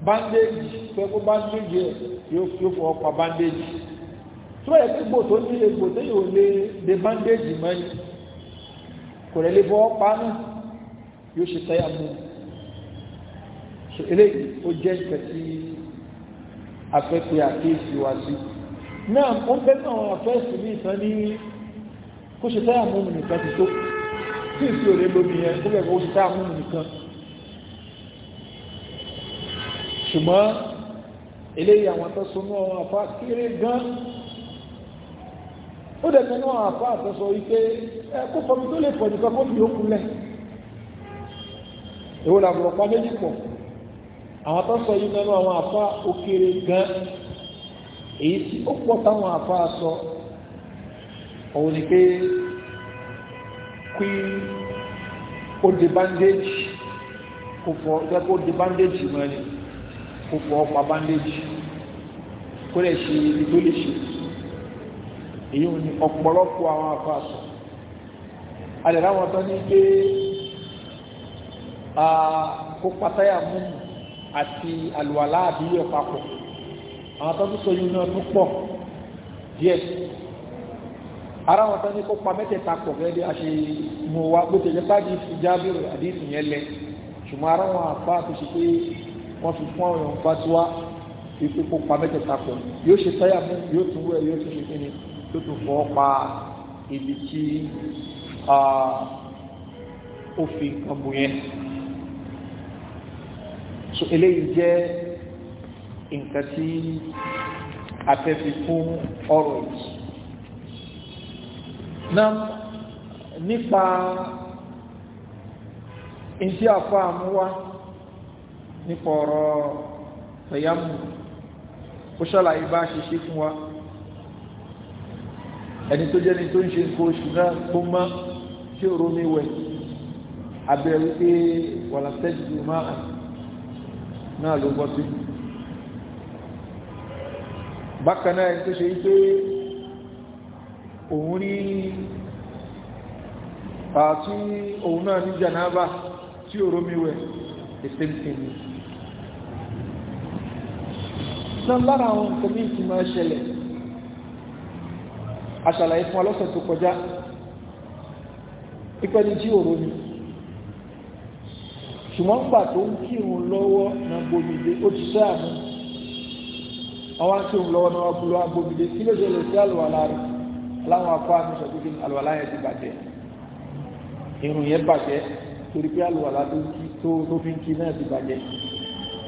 bandage pé kó bandage ẹ̀ yóò fi fọwọ́ pa bandage. tó ẹ̀ gbígbò tó ní egbò téyì ò lè de bandage mọ́ ni kò lè lè fọwọ́ pa náà yóò ṣe tẹ́yà mú un so eléyìí ó jẹ́ nǹkan tí afẹ́fẹ́ àkéèsí wa sí náà ó ń bẹ́ náà àwọn afẹ́sì ní ìtàn ní kó ṣe táyà múmu nìkan ti tó tí ìfi òde lómi yẹn kó bẹ̀rẹ̀ kó ṣe táyà múmu nìkan ṣùgbọ́n eléyìí àwọn atọ́sọ́nú àwọn afá kéré gan ó dẹ̀kẹ́ náà àwọn afá àtọ́sọ wípé ẹ kó fọmi tó lè pọ̀ nìkan kó fi ó kulẹ̀ èwo làbùrọ̀pá méjì pọ̀ àwọn tó sọ yìí mẹ́nu àwọn àfa òkèrè gan èyí tí ó pọ̀ táwọn àfa sọ òun ni pé kí ó di bandage kò fọ jẹ́ kó di bandage mọ́ ni kò fọ ọ̀pá bandage kó lè ṣe ibi tó lè ṣe èyí ò ní ọ̀pọ̀lọpọ̀ àwọn àfa sọ alẹ́ láwọn tó ní pé kó pátáyà mú mi àti àlùwàlá àbíyẹ̀ papọ̀ àwọn tó tún sojú náà tún pọ̀ díẹ̀ ara wọn tán ní kó pa mẹ́tẹ̀ẹ̀ta pọ̀ gẹ́gẹ́ bí a ṣe mọ̀ wá bó tẹ̀lé pàdé fi jábìrì àdéhùn yẹn lẹ ṣùgbọ́n ara wọn àpá tó ṣe pé wọ́n fi fún àwọn ọ̀nfà tí wá fi kó pa mẹ́tẹ̀ẹ̀ta pọ̀ yóò ṣe táyà mú yóò tún wẹ̀ yóò tún ṣe kíni yóò tún fọ́ pa ibi tí ah, ó fi bù yẹn so eléyìí jẹ́ nǹkan tí a fẹ́ fi kún ọ̀rọ̀ yìí náà nípa ntí afọ àmúwá nípa ọ̀rọ̀ tẹ̀yàmù ó ṣàlàyé bá ṣiṣẹ́ fún wa ẹni tó jẹ́ni tó ń ṣe nǹkan oṣù náà tó mọ́ tí ò rómi wẹ̀ abẹ́ wípé wàlàtẹ́jì máa náà ló bọ́ sí bákan náà tó ṣe wípé òun ní àti òun náà ní janaba tí ò rómiwẹ̀ the same thing náà lára àwọn nǹkan bí ìtì máa ṣẹlẹ̀ aṣàlàyé fún ọlọ́sẹ̀ tó kọjá ipẹ́ni tí ò rómi ṣùgbọ́n gbà tó ń kírun lọ́wọ́ na gbomide ó ti sẹ́ àmú àwọn akírun lọ́wọ́ na wọ́n bulọ́ agbomide kí ló ṣẹlẹ̀ sí àlùwàlá rẹ̀ aláwọn afọ àmì sọ pé àlùwàlá yẹn ti bàjẹ́ irun yẹn bàjẹ́ torí pé àlùwàlá tó fi ń kí náà ti bàjẹ́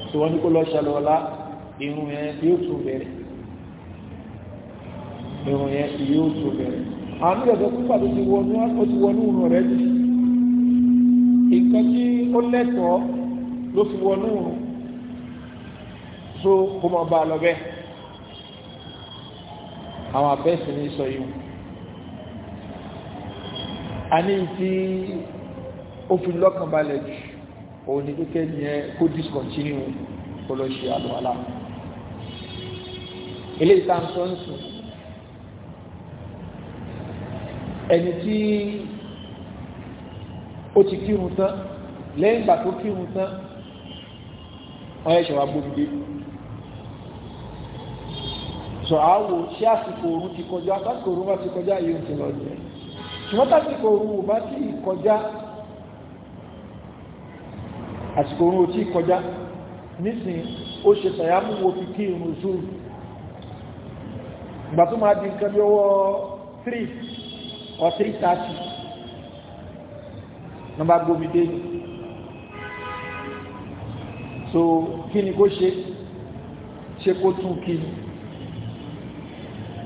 tí wọ́n ní kó lọ ṣàlùwàlá irun yẹn yóò tún bẹ̀rẹ̀ irun yẹn yóò tún bẹ̀rẹ̀ àwọn ìgbàgbọ́ pípa tó ti wọnú rẹ̀ nǹkan tí ó lẹ́tọ̀ọ́ ló fi wọnú so kó mọ bá a lọ bẹ́ẹ̀ àwọn abẹ́sì ní sọ yìí a ní tí ó fi lọ́kàn balẹ̀ jù òun ni kíkẹ́ yẹn kó discontinue kó lọ ṣe àlùwàlá ilé ìtàǹtọ́ ń sùn ẹni tí ó ti kírun tán lẹ́yìn ìgbà tó kírun tán wọ́n ẹ̀ṣẹ̀ wa gbóbi dé sọ àwò ṣé àsìkò òru ti kọjá àsìkò òru bá ti kọjá yìí ń ti lọ jẹ ṣùgbọ́n tásìkò òru bá ti kọjá àsìkò òru ò tí kọjá nísìn ó ṣe tàyámúwò fi kí irun zuru ìgbà tó máa di nǹkan bí ọwọ́ 3 or 3:30 nọ́mbà gbóbi so kí ni kó ṣe ṣe kó tún kí ni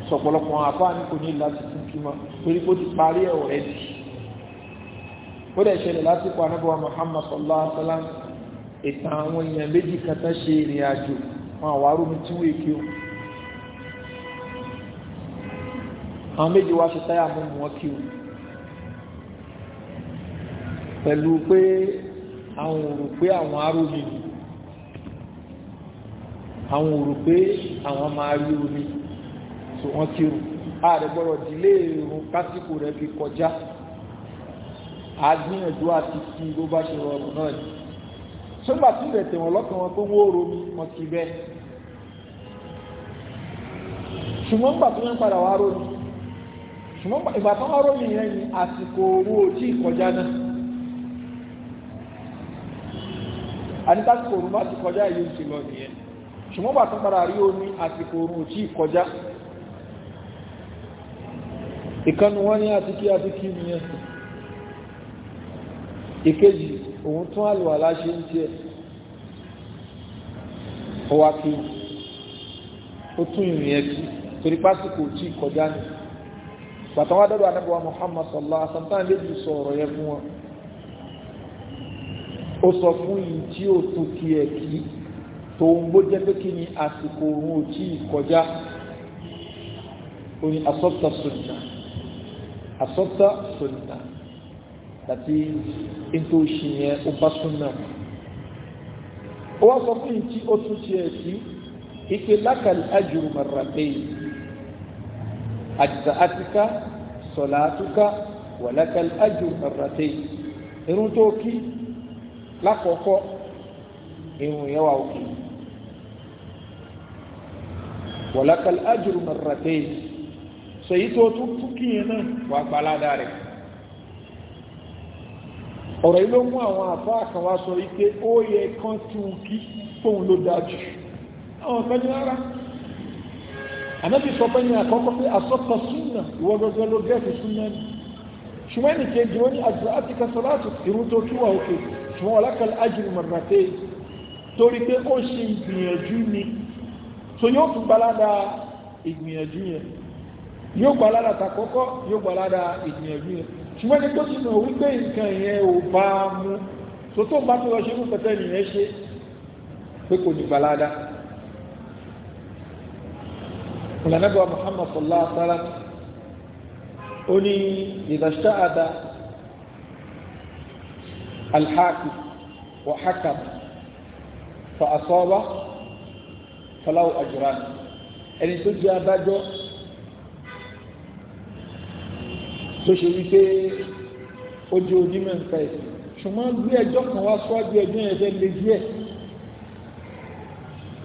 sọ̀pọ̀lọpọ̀ àfáà ní kò ní láti tún kí mọ́ torí kó ti parí ẹ̀ ọ̀rẹ́dì ó dẹ̀ ṣẹlẹ̀ lásìkò anábọ̀ Muhammad sallallahu alaihi wasallam ìtàn àwọn èèyàn méjì kata ṣe ìrìn àjò wọn àwọn arúmi tí wọ́n èké o àwọn méjì wá ṣe táyà mú wọn kí o pẹ̀lú pé àwọn òrò pé àwọn arúmi ni àwọn òrò pé àwọn máa rí omi so wọ́n ti rù ààrẹ gbọ́dọ̀ dílé irun kásìkò rẹ̀ fi kọjá agbìyànjú àti kí ló bá ṣe rọrùn náà ni sọ́gbà tí ìrẹ̀ tẹ̀wọ̀n lọ́kàn wọn pé wọ́n ó romi wọn ti bẹ́ ṣùgbọ́n gbà tó ń padà wá rómi ṣùgbọ́n ìgbà tó wá rómi yẹn ni àsìkò owó ojú ìkọjá náà àti tásìkò òun bá ti kọjá yìí ń ti lọ nìyẹn ṣùgbọ́n bá tán padà rí omi àsìkò oòrùn tí kọjá ìkanu wọ́n ní àti kí àti kí ní ẹ̀sìn ìkejì òun tún àlùwà láṣẹ ń tiẹ̀ ọwá kí ó tún ìrìn ẹ̀ kí torí pásìkò tí kọjá ni pàtàwà dọ́dọ̀ anábọ̀wà Muhammad sallallahu alaihi wasallam lèjì sọ ọ̀rọ̀ yẹ fún wọn ó sọ fún yìí tí ó tún kí ẹ̀ tòun bó jẹ́ pé kí ni àsìkò òun ò tí ì kọjá ó ní asọ́ta sọ̀nà asọ́ta sọ̀nà àti ètò ìṣìyẹn ó bá súnmọ́ ó wá sọ fún ìtí ó tún tiẹ̀ sí ike lákàlì ajuru marratain àjìdá àtìká sọ̀lá àtúká wà lákàlì ajuru marratain irun tó kí lákọ̀ọ́kọ́ irun yẹn wà òkè wọ̀lákàlì ájùrù mọ̀rọ̀tẹ́ sèyí tó tún túkìyàn náà wà pàládà rẹ̀ ọ̀rọ̀ ilé mú àwọn àfá àkànwá sọ wípé ó yẹ kán tún kí fóun ló dájú àwọn kan ní rárá ànábì sọ pé ní àkọ́kọ́ pé àsọ́kọ̀ súnà ìwọ́gbọ́gbọ́ ló gẹ́ẹ̀kì súnà ni ṣùgbọ́n ní kejì ó ní àzọ́ àti kasọ́láàtù tó kíwà òkè ṣùgbọ́n wọ̀lákàlì ájùrù mọ̀rọ̀tẹ́ torí pé ó ṣe ìgbìyànjú ni so yóò tún gbalada ìgbìyànjú yẹn yóò gbalada takọ́kọ́ yóò gbalada ìgbìyànjú yẹn ṣùgbọ́n ní tó ti mọ̀ wípé nǹkan yẹn ò bá mú so tó bá tó lọ ṣe fún pẹ̀tẹ́ nìyẹn ṣe pé kò ní gbalada ìlànàbà Muhammad sallallahu alaihi ó ní ìdàṣà àdá alhaki wa hakam fa asaba faláwọ àjùrà ẹni tó jẹ́ adájọ́ tó ṣe wípé ó jẹ́ onímọ̀ nǹkan ẹ̀sìn ṣùgbọ́n gbé ẹjọ́ kan wá síwájú ẹjọ́ yẹn fẹ́ lé díẹ̀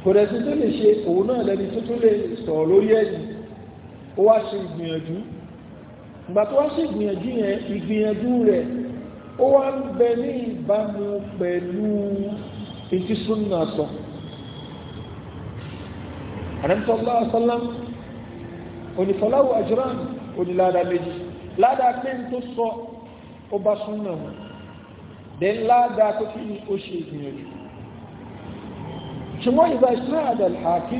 kò rẹ̀sí tó lè ṣe òun náà lẹ́ni tó tó lè sọ̀rọ̀ lórí ẹ̀yìn ó wá ṣe ìgbìyànjú ìgbà tó wá ṣe ìgbìyànjú yẹn ìgbìyànjú rẹ̀ ó wá ń bẹ ní ìbámu pẹ̀lú ìtísúnnà sọ̀rọ̀ àrẹ́mtọ́lá ọ̀sánlá onífọ́láwò àjírán onílàdà méjì ládà pé n tó sọ ó bá súnmọ̀ wọn dẹ̀ ládà tó fi ní ó ṣe ìgbìyànjú ṣùgbọ́n ìgbà ìṣẹ́ àdàlhàkí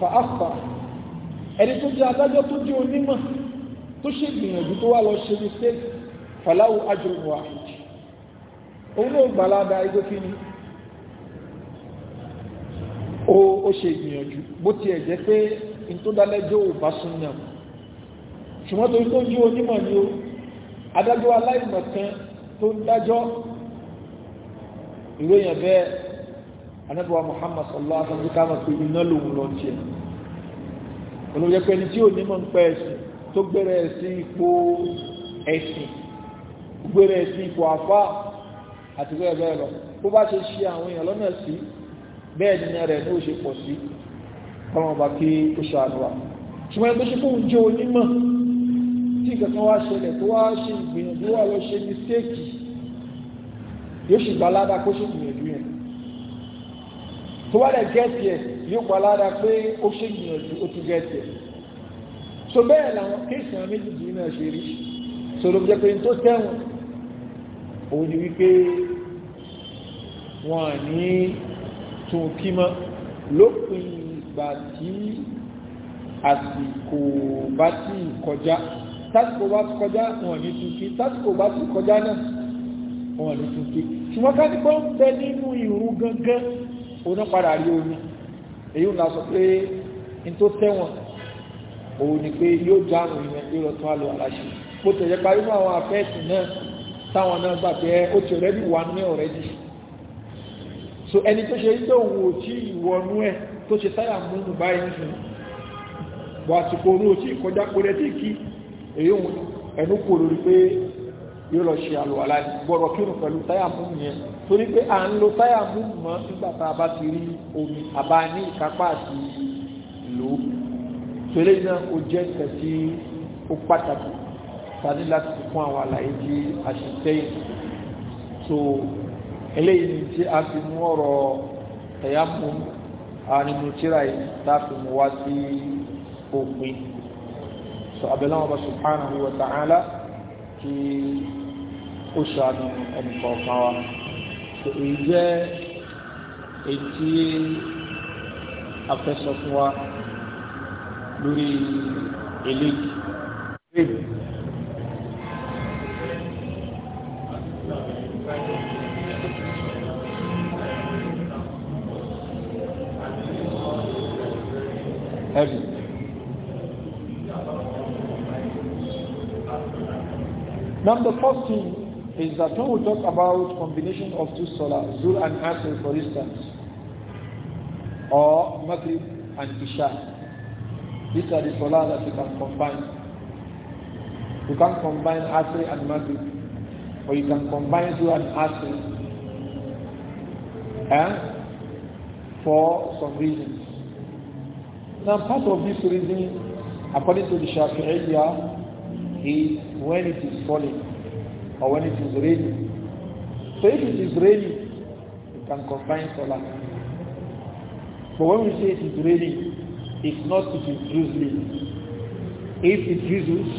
fa'afa ẹni tó jẹ́ adájọ́ tó jẹ́ onímọ̀ tó ṣe ìgbìyànjú ó ṣe ìgbìyànjú bó tiẹ̀ jẹ́ pé n tó dálẹ́jọ́ ò bá sún náà ṣùgbọ́n torí tó jú onímọ̀ ni ó adájọ́ aláìmọ̀ kan tó ń dájọ́ ìwé yẹn bẹ́ẹ̀ anábíwá Muhammad sallallahu alaihi wa sallam pé iná lòun lọ tiẹ̀ olóyè pé ẹni tí ò ní mọ̀ ń pẹ́ ẹ̀sìn tó gbẹ̀rẹ̀ sí ipò ẹ̀sìn gbẹ̀rẹ̀ sí ipò àfá àti bẹ́ẹ̀ bẹ́ẹ̀ lọ bó bá ṣe ṣe àwọn èèyàn lọ́nà sí bẹ́ẹ̀ ni rẹ̀ ní ó ṣe pọ̀ sí ọlọ́run bá kí ó ṣàánú wa ṣùgbọ́n ẹgbẹ́ ṣe fún jẹ́ onímọ̀ tí kankan wá ṣẹlẹ̀ tó wá ṣe ìgbìyànjú wà lọ ṣe mistéèkì yóò sì gba ládàá kó ṣe ìgbìyànjú yẹn tó wá lẹ̀ gẹ́ẹ̀tì ẹ̀ yóò gba ládàá pé ó ṣe ìgbìyànjú ó tún gẹ́ẹ̀tì ẹ̀ so bẹ́ẹ̀ làwọn kéèsì àwọn méjìdì náà ṣe rí sọ̀rọ̀ jẹ́ pé tó tẹ̀wọ̀n òun ni wípé wọ́n ní tún kí mọ́ lópin ìgbà tí àsìkò bá ti kọjá tásìkò bá ti kọjá wọn ní tuntun tásìkò bá ti kọjá náà wọn ní tuntun ṣùgbọ́n ká ní pé ń bẹ nínú ìrú gangan onípadà rí omi èyí ń la sọ pé n tó tẹ́wọ̀n òun ni pé yóò já àwọn èèyàn yóò lọ tún àlọ́ aláṣẹ bó tẹ̀yẹ parí fún àwọn afẹ́ẹ̀sì náà táwọn náà gbà pé ó ti ọ̀rẹ́dì wà ní ọ̀rẹ́dì so ẹni tó ṣe ilé òun òtí ìwọ̀nú ẹ̀ tó ṣe sáyà múnú báyìí fún bọ̀ àsìkò orú òtí ìkọjá pẹ̀lẹ̀ tí kí èyí ẹnu kò lórí pé yóò lọ ṣe àlùwàlá gbọ́rọ̀ kírun pẹ̀lú táyà múnú yẹn torí pé à ń lo táyà múnú mọ́ nígbà tá a bá ti rí omi àbá ní ìkápá àti ìlú tẹ́lẹ̀ náà ó jẹ́ nǹkan tí ó pàtàkì tani láti fún àwọn àlàyé tí a ṣe tẹ́yìn eléyìí ni tí a fi mú ọ̀rọ̀ ẹ̀yàmú nínú tíra yìí tá a fi mú wá sí òpin sọ abẹ́láwọn ọba subhanahu wa ta'ala kí ó ṣàánú ẹnìkọ̀ọ̀kan wa sọ èyí jẹ́ èyí tí a fẹ́ sọ fún wa lórí eléyìí. Now the first thing is that when we talk about combination of two solar, Zul and Asr for instance, or Maghrib and Isha, these are the solar that you can combine. You can combine Asr and Maghrib, or you can combine Zul and Asr eh, for some reasons. Now part of this reason, according to the Shafi'iyya, is when it is falling or when it is raining. So if it is raining, you can combine solar. But when we say it is raining, it's not it is drizzling. If it drizzles,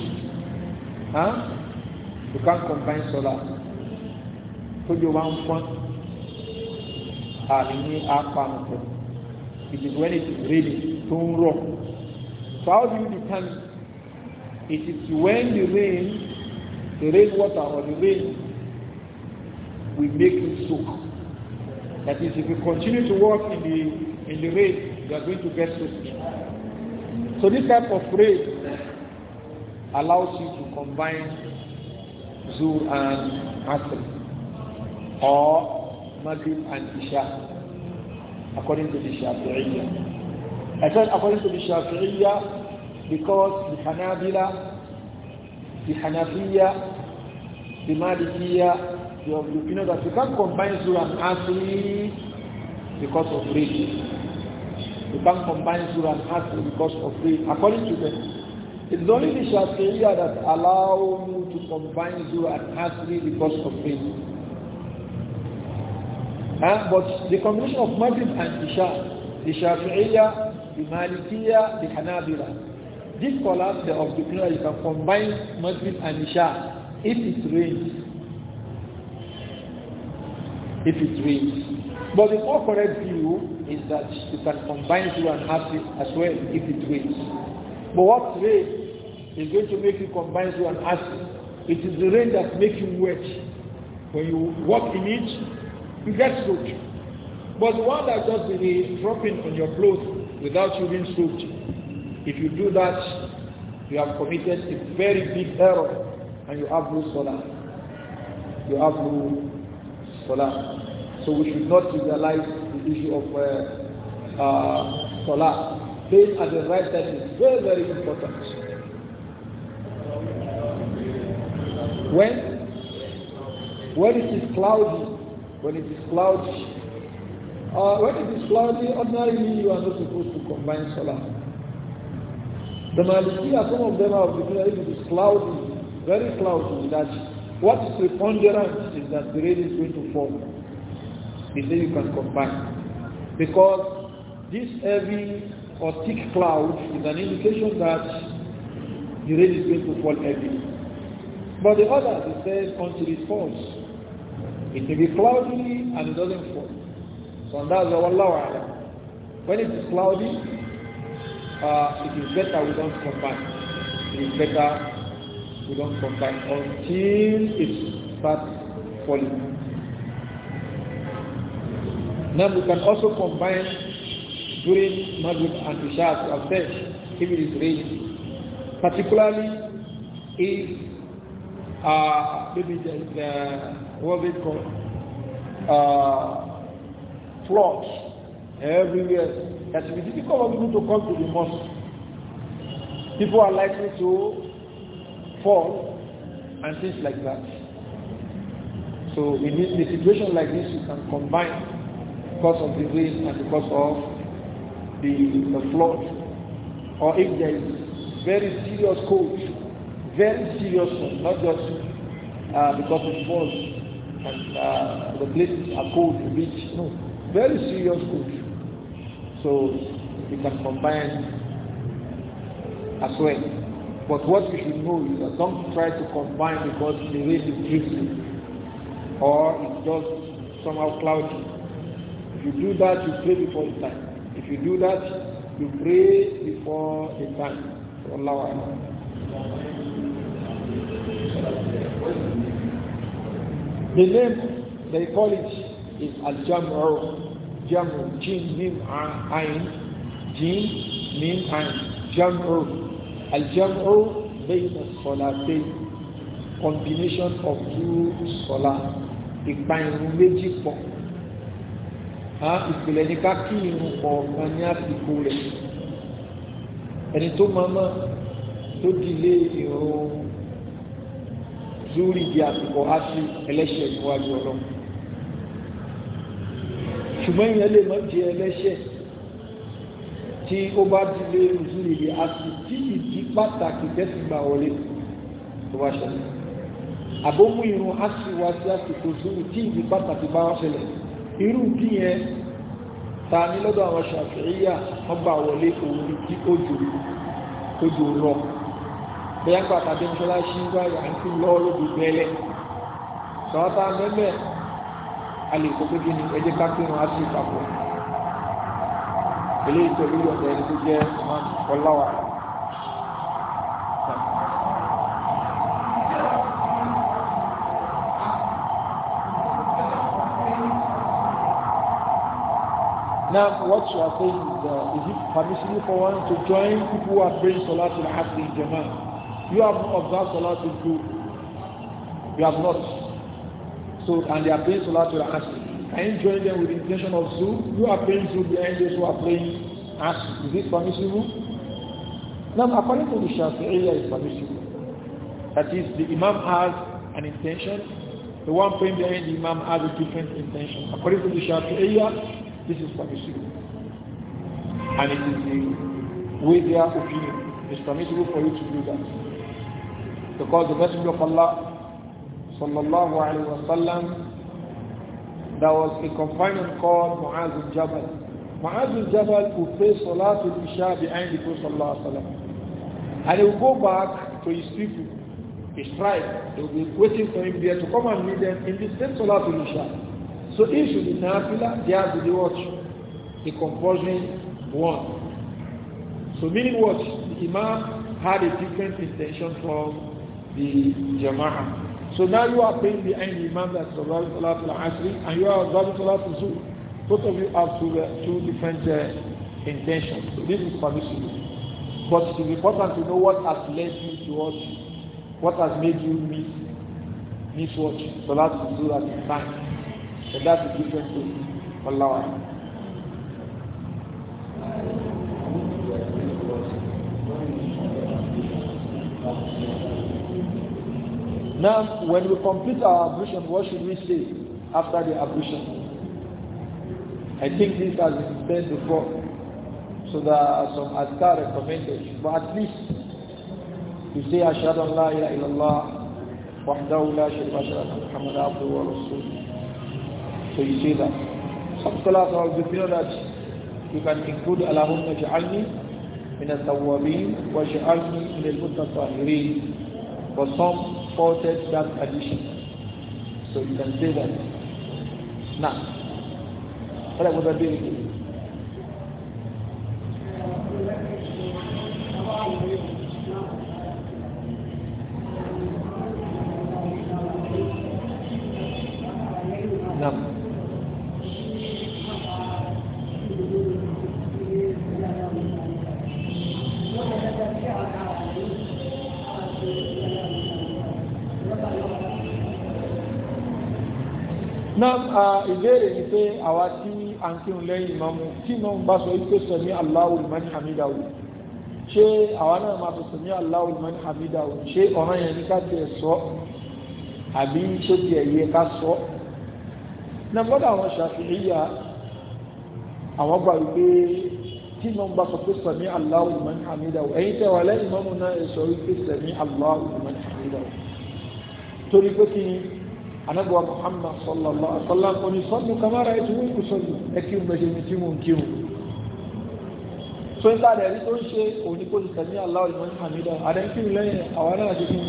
huh, you can't combine solar. So ah, you want one. Ah, it is when it is raining so how do you determine it is when the rain the rain water or the rain we make it soak that is if you continue to walk in the in the rain you are going to get soaked so this type of rain allows you to combine zuhr and asr or maghrib and isha according to the Shafi'iyya. I said according to the Shafi'iyya because the Hanabila, the Hanafiya, the Malikiya, you, you know that you can't combine Surah and Asli because of race. You can't combine Surah and Asli because of race, according to them. It's only the Shafi'iyya that allow you to combine Zura and Asri because of faith. Uh, but the combination of Maghrib and Isha, the Shafi'iyya the Malikiya, the Hanabila. This collapse of the you can combine Maghrib and Isha if it rains. If it rains. But the more correct view is that you can combine two and half as well if it rains. But what rain is going to make you combine two and half? It is the rain that makes you wet. When you walk in it, you get soaked. But the one that just be dropping on your clothes without you being soaked. If you do that, you have committed a very big error and you have no salah. You have no salah. So we should not realize the issue of uh, uh, salah. Faith at the right that is is very, very important. When, when it is cloudy, when it is cloudy, uh, when it is cloudy, ordinarily you are not supposed to combine solar. The Malikiya, some of them are declared it is cloudy, very cloudy, that what is preponderant is that the rain is going to fall. and then you can combine. Because this heavy or thick cloud is an indication that the rain is going to fall heavy. But the other, it says until it falls. It may be cloudy and it doesn't fall. So that's our Allah. When it is cloudy, uh, it is better we don't combine. It is better we don't combine until it starts falling. Now we can also combine during Maghrib and Isha as I've said, if it is raining. Particularly if uh, maybe the, the what they call uh, floods everywhere. That will be difficult for people to come to the mosque. People are likely to fall and things like that. So in a situation like this, you can combine because of the rain and because of the, the flood. Or if there is very serious cold, very serious cold, not just uh, because of falls and uh, the places are cold, rich, no very serious good. So we can combine as well. But what we should know is that don't try to combine because the race is drifting or it's just somehow cloudy. If you do that, you pray before the time. If you do that, you pray before the time. So Allah. Allah. The name, they call it is al-jam'u, jam'u, jin, mim, ayn, jin, mim, ayn, jam'u. Al-jam'u bayna salatayn, combination of two salat, ìpàyẹ̀rù méjì pọ̀. Ìpìlẹ̀ ní ká kí irun kọ̀ọ̀kan ní àsìkò rẹ̀. Ẹni tó máa máa tó dilé irun zúrì di àsìkò áṣì ẹlẹ́ṣẹ̀ níwájú ọlọ́run ṣùgbọ́n ìyẹn lè mọ́ jẹ ẹlẹ́ṣẹ̀ tí ó bá ti lé ojú ìrì àti tí ìdí pàtàkì tẹ́sí gbà wọlé tó bá ṣẹlẹ̀ àbómú irun aṣíwá sí àsìkò sórí tí ìdí pàtàkì bá wọ́n ṣẹlẹ̀ irú kí yẹn ta ní lọ́dọ̀ àwọn ṣàfihàn ọgbà wọlé òun tí ó jòrò tó jòrò lọ bẹ́ẹ̀ pàtàkì mọ́ṣáláṣí wáyà ń fi lọ́ọ́ lóbi bẹ́ẹ̀lẹ̀ sọ́ọ́tà mẹ́mẹ́ a lè sọ ni ẹjẹ́ kákínú á sì papọ̀ eléyìí tó lórí ọ̀dọ̀ ẹni tó jẹ́ ọláwà. Now, what you are saying is, uh, is it permissible for one to join people who are praying Salat al-Asr in Jama'ah? You have not observed Salat al-Group. You have not. So, and they are playing to Asr. I joining them with the intention of Zul. You are playing through behind those who are playing Asr. Is this permissible? Now, according to the Shafi'iyya, it's permissible. That is, the Imam has an intention. The one praying behind the Imam has a different intention. According to the Shafi'iyya, this is permissible. And it is the way their opinion. It's permissible for you to do that. Because the Messenger of Allah sallallahu alaihi wasallam, there was a companion called Mu'az al-Jabal. Mu'az al-Jabal would pray Salatul Isha behind the Prophet sallallahu alaihi wasallam. And he would go back to his people, his tribe. They would be waiting for him there to come and meet them in the same Salatul Isha. So he should be Nafila, they have to watch the compulsory one. So meaning what? The Imam had a different intention from the Jama'ah. So now you are paying behind the imam that's Salat Salat al-Asri and you are Salat Salat al-Zuhr. Both of you have two, uh, two different uh, intentions. So this is permissible. But it is important to know what has led you to what, what has made you miss, miss what Salat al-Zuhr at the time. So that's the difference to Allah. Thank you. Now, when we complete our ablution, what should we say after the ablution? I think this has been said before. So there are some adhkar recommended. But at least you say, Ashhadu an la ilaha illallah, wahdahu la sharika lahu, Muhammad abduhu wa rasuluh. So you say that. Some scholars have opinion that you can include Allahumma ja'alni wa التوابين min al المتطهرين for some supported that addition. So you can say that. Now, what about the baby? Uh, ìbéèrè ni pé àwa tí a ń kírun lẹ́yìn ìmáàmù tí náà ń bá sọ wípé sẹ̀mí Allahu liman hamidahu ṣé àwa náà máa sọ sẹ̀mí Allahu liman hamidahu ṣé ọ̀ràn yẹn ní ká tiẹ̀ sọ àbí tó tiẹ̀ yẹ ká sọ. náà gbọ́dọ̀ àwọn Ṣàfi'íyà àwọn gbà wípé tí náà ń bá sọ pé sẹ̀mí Allahu liman hamidahu ẹ̀yin tẹ̀ wà lẹ́yìn ìmáàmù náà ẹ̀ sọ wípé sẹ̀mí Allahu liman hamidahu torí pé kí ni anabuwa muhammad sallallahu alaihi wasallam kò ní sọ́lù kamara ètò wọn kò sọ́lù ẹkí ń bẹ̀ṣẹ̀ ní tí mò ń kí wọn. tó ń sáré ẹ̀rí tó ń ṣe òní kò sì sẹ́mi aláwọ̀ ìmọ̀ ní hamida àdẹ́ńkì lẹ́yìn àwọn náà ti fún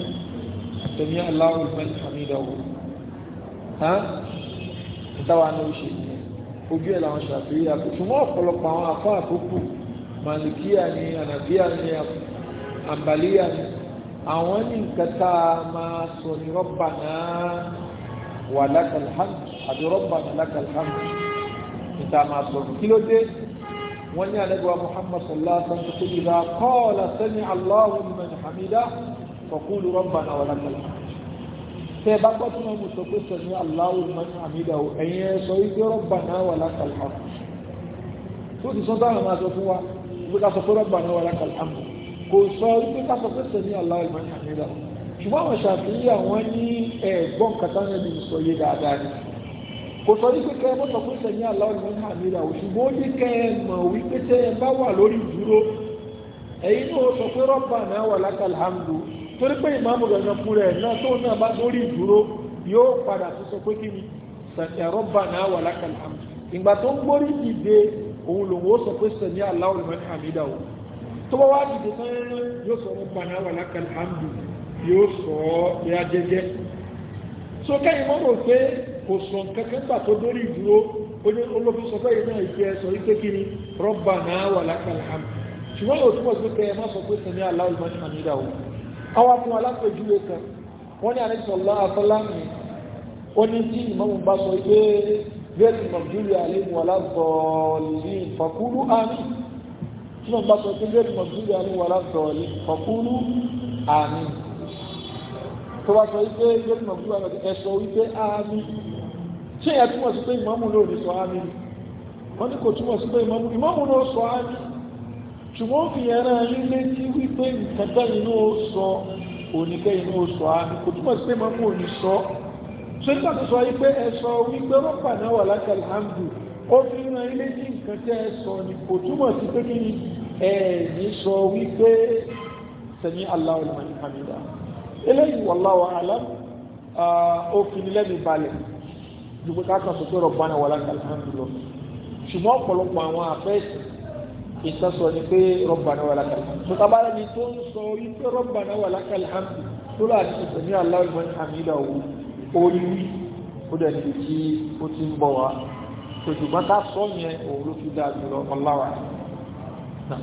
sẹ́mi aláwọ̀ ìmọ̀ ní hamida wò. ìtawà náà ó ṣe ojú ẹ̀ làwọn ṣàfihàn ṣùgbọ́n ọ̀pọ̀lọpọ̀ àwọn afọ àkókò malikiya ni anabiya ni ambaliya ni àwọn ní nǹkan máa sọ ní rọ́bà náà ولك الحمد àti rọ́bà لك الحمد máa sọ̀rọ̀ kí ló dé wọ́n ní àlẹ́gbẹ̀wá muhammad sallallahu alaihi wasallam tó ìlà kọ́ọ̀lá sẹ́ni aláwọ̀ mẹ́rin hamida fọ̀kúlù rọ́bà náà wà lákàlhàm tẹ́ bá gbọ́ tí wọ́n mú sọ pé sẹ́ni aláwọ̀ mẹ́rin hamida ẹ̀yẹ sọ wípé rọ́bà náà wà lákàlhàm tó ti sọ táwọn máa sọ fún wa wípé ká sọ pé rọ́bà náà wà lákàlhàm kò sọ wípé ká sọ pé sẹ́ni aláwọ̀ mẹ́rin hamida ṣùgbọ́n àwọn ṣàfihàn àwọn ní ẹ̀gbọ́n kàtà níbi ìsọ yé dáadáa ni kò sọ wípé kẹ́ ẹ mọ́tò fún sẹ́yìn aláwọ̀ ní àmìlà òṣùgbọ́n ó ní kẹ́ ẹ mọ̀ wípé tẹ́ ẹ bá wà lórí ìdúró ẹ̀yin náà sọ pé rọ́bà náà wà lákàlà hàmdù torí pé ìmáàmù gangan fún rẹ̀ náà tóun náà bá lórí ìdúró yóò padà tó sọ pé kí ni rọ́bà náà wà lákàlà hàmdù ìgbà tó ń gbórí yóò sọ ọ́ ya jẹ́jẹ́ so kẹ́yìn mọ́ rò pé kò sọ kankan gbà tó dórí ìdúró olófin sọ fẹ́yìn náà ìfẹ́ sọ wípé kí ni rọ́bà náà wà lákàlám ṣùgbọ́n yóò túbọ̀ sí pé ẹ má sọ pé sẹ́ni aláwọ̀ ìmọ̀ ní àmìlà o àwọn fún alápèjúwe kan wọ́n ní àlẹ́ sọ̀lá àtọ́lámì wọ́n ní tí ìmọ̀mù bá sọ pé bẹ́ẹ̀ni mọ̀júlẹ̀ àlẹ́mù aláàbọ̀ọ̀lì fàkúrú fàkúrú àmì tó wá sọ wípé lórí mọ̀mú wà lọ́dẹ ẹ̀sọ́ wípé ámì tí èèyàn túmọ̀ sí pé ìmọ̀mù ló ní sọ ámì wọ́n ní kò túmọ̀ sí pé ìmọ̀mù ìmọ̀mù ló sọ ámì ṣùgbọ́n fi yẹn náà rí létí wípé nǹkan bẹ́ẹ̀ inú ó sọ oníkẹ́ inú ó sọ ámì kò túmọ̀ sí pé ìmọ̀mù ò ní sọ ṣé nígbà tó sọ wípé ẹ̀sọ́ wípé rọ́pà náà wà lákàlẹ̀ hàmdù ó fi ń ran ilé tí nǹkan tẹ́ ẹ sọ ni kò túmọ̀ sí pé kí eléyìí wallahu a'lam ó fi ní lẹ́nu balẹ̀ dùgbò káàkiri sọ pé rabbana wa lakal hamdu lọ ṣùgbọ́n ọ̀pọ̀lọpọ̀ àwọn àfẹ́sì ìsọsọ ni pé rabbana wa lakal hamdu tó tábàlẹ́ ni tó ń sọ wípé rabbana wa lakal hamdu tó láti sọ̀tẹ̀ ní Allahu liman hamidahu orí wí ó dẹ̀ níbi tí ó ti ń bọ̀ wá ṣùgbọ́n ká sọ yẹn òun ló fi dáa jùlọ wallahu a'lam.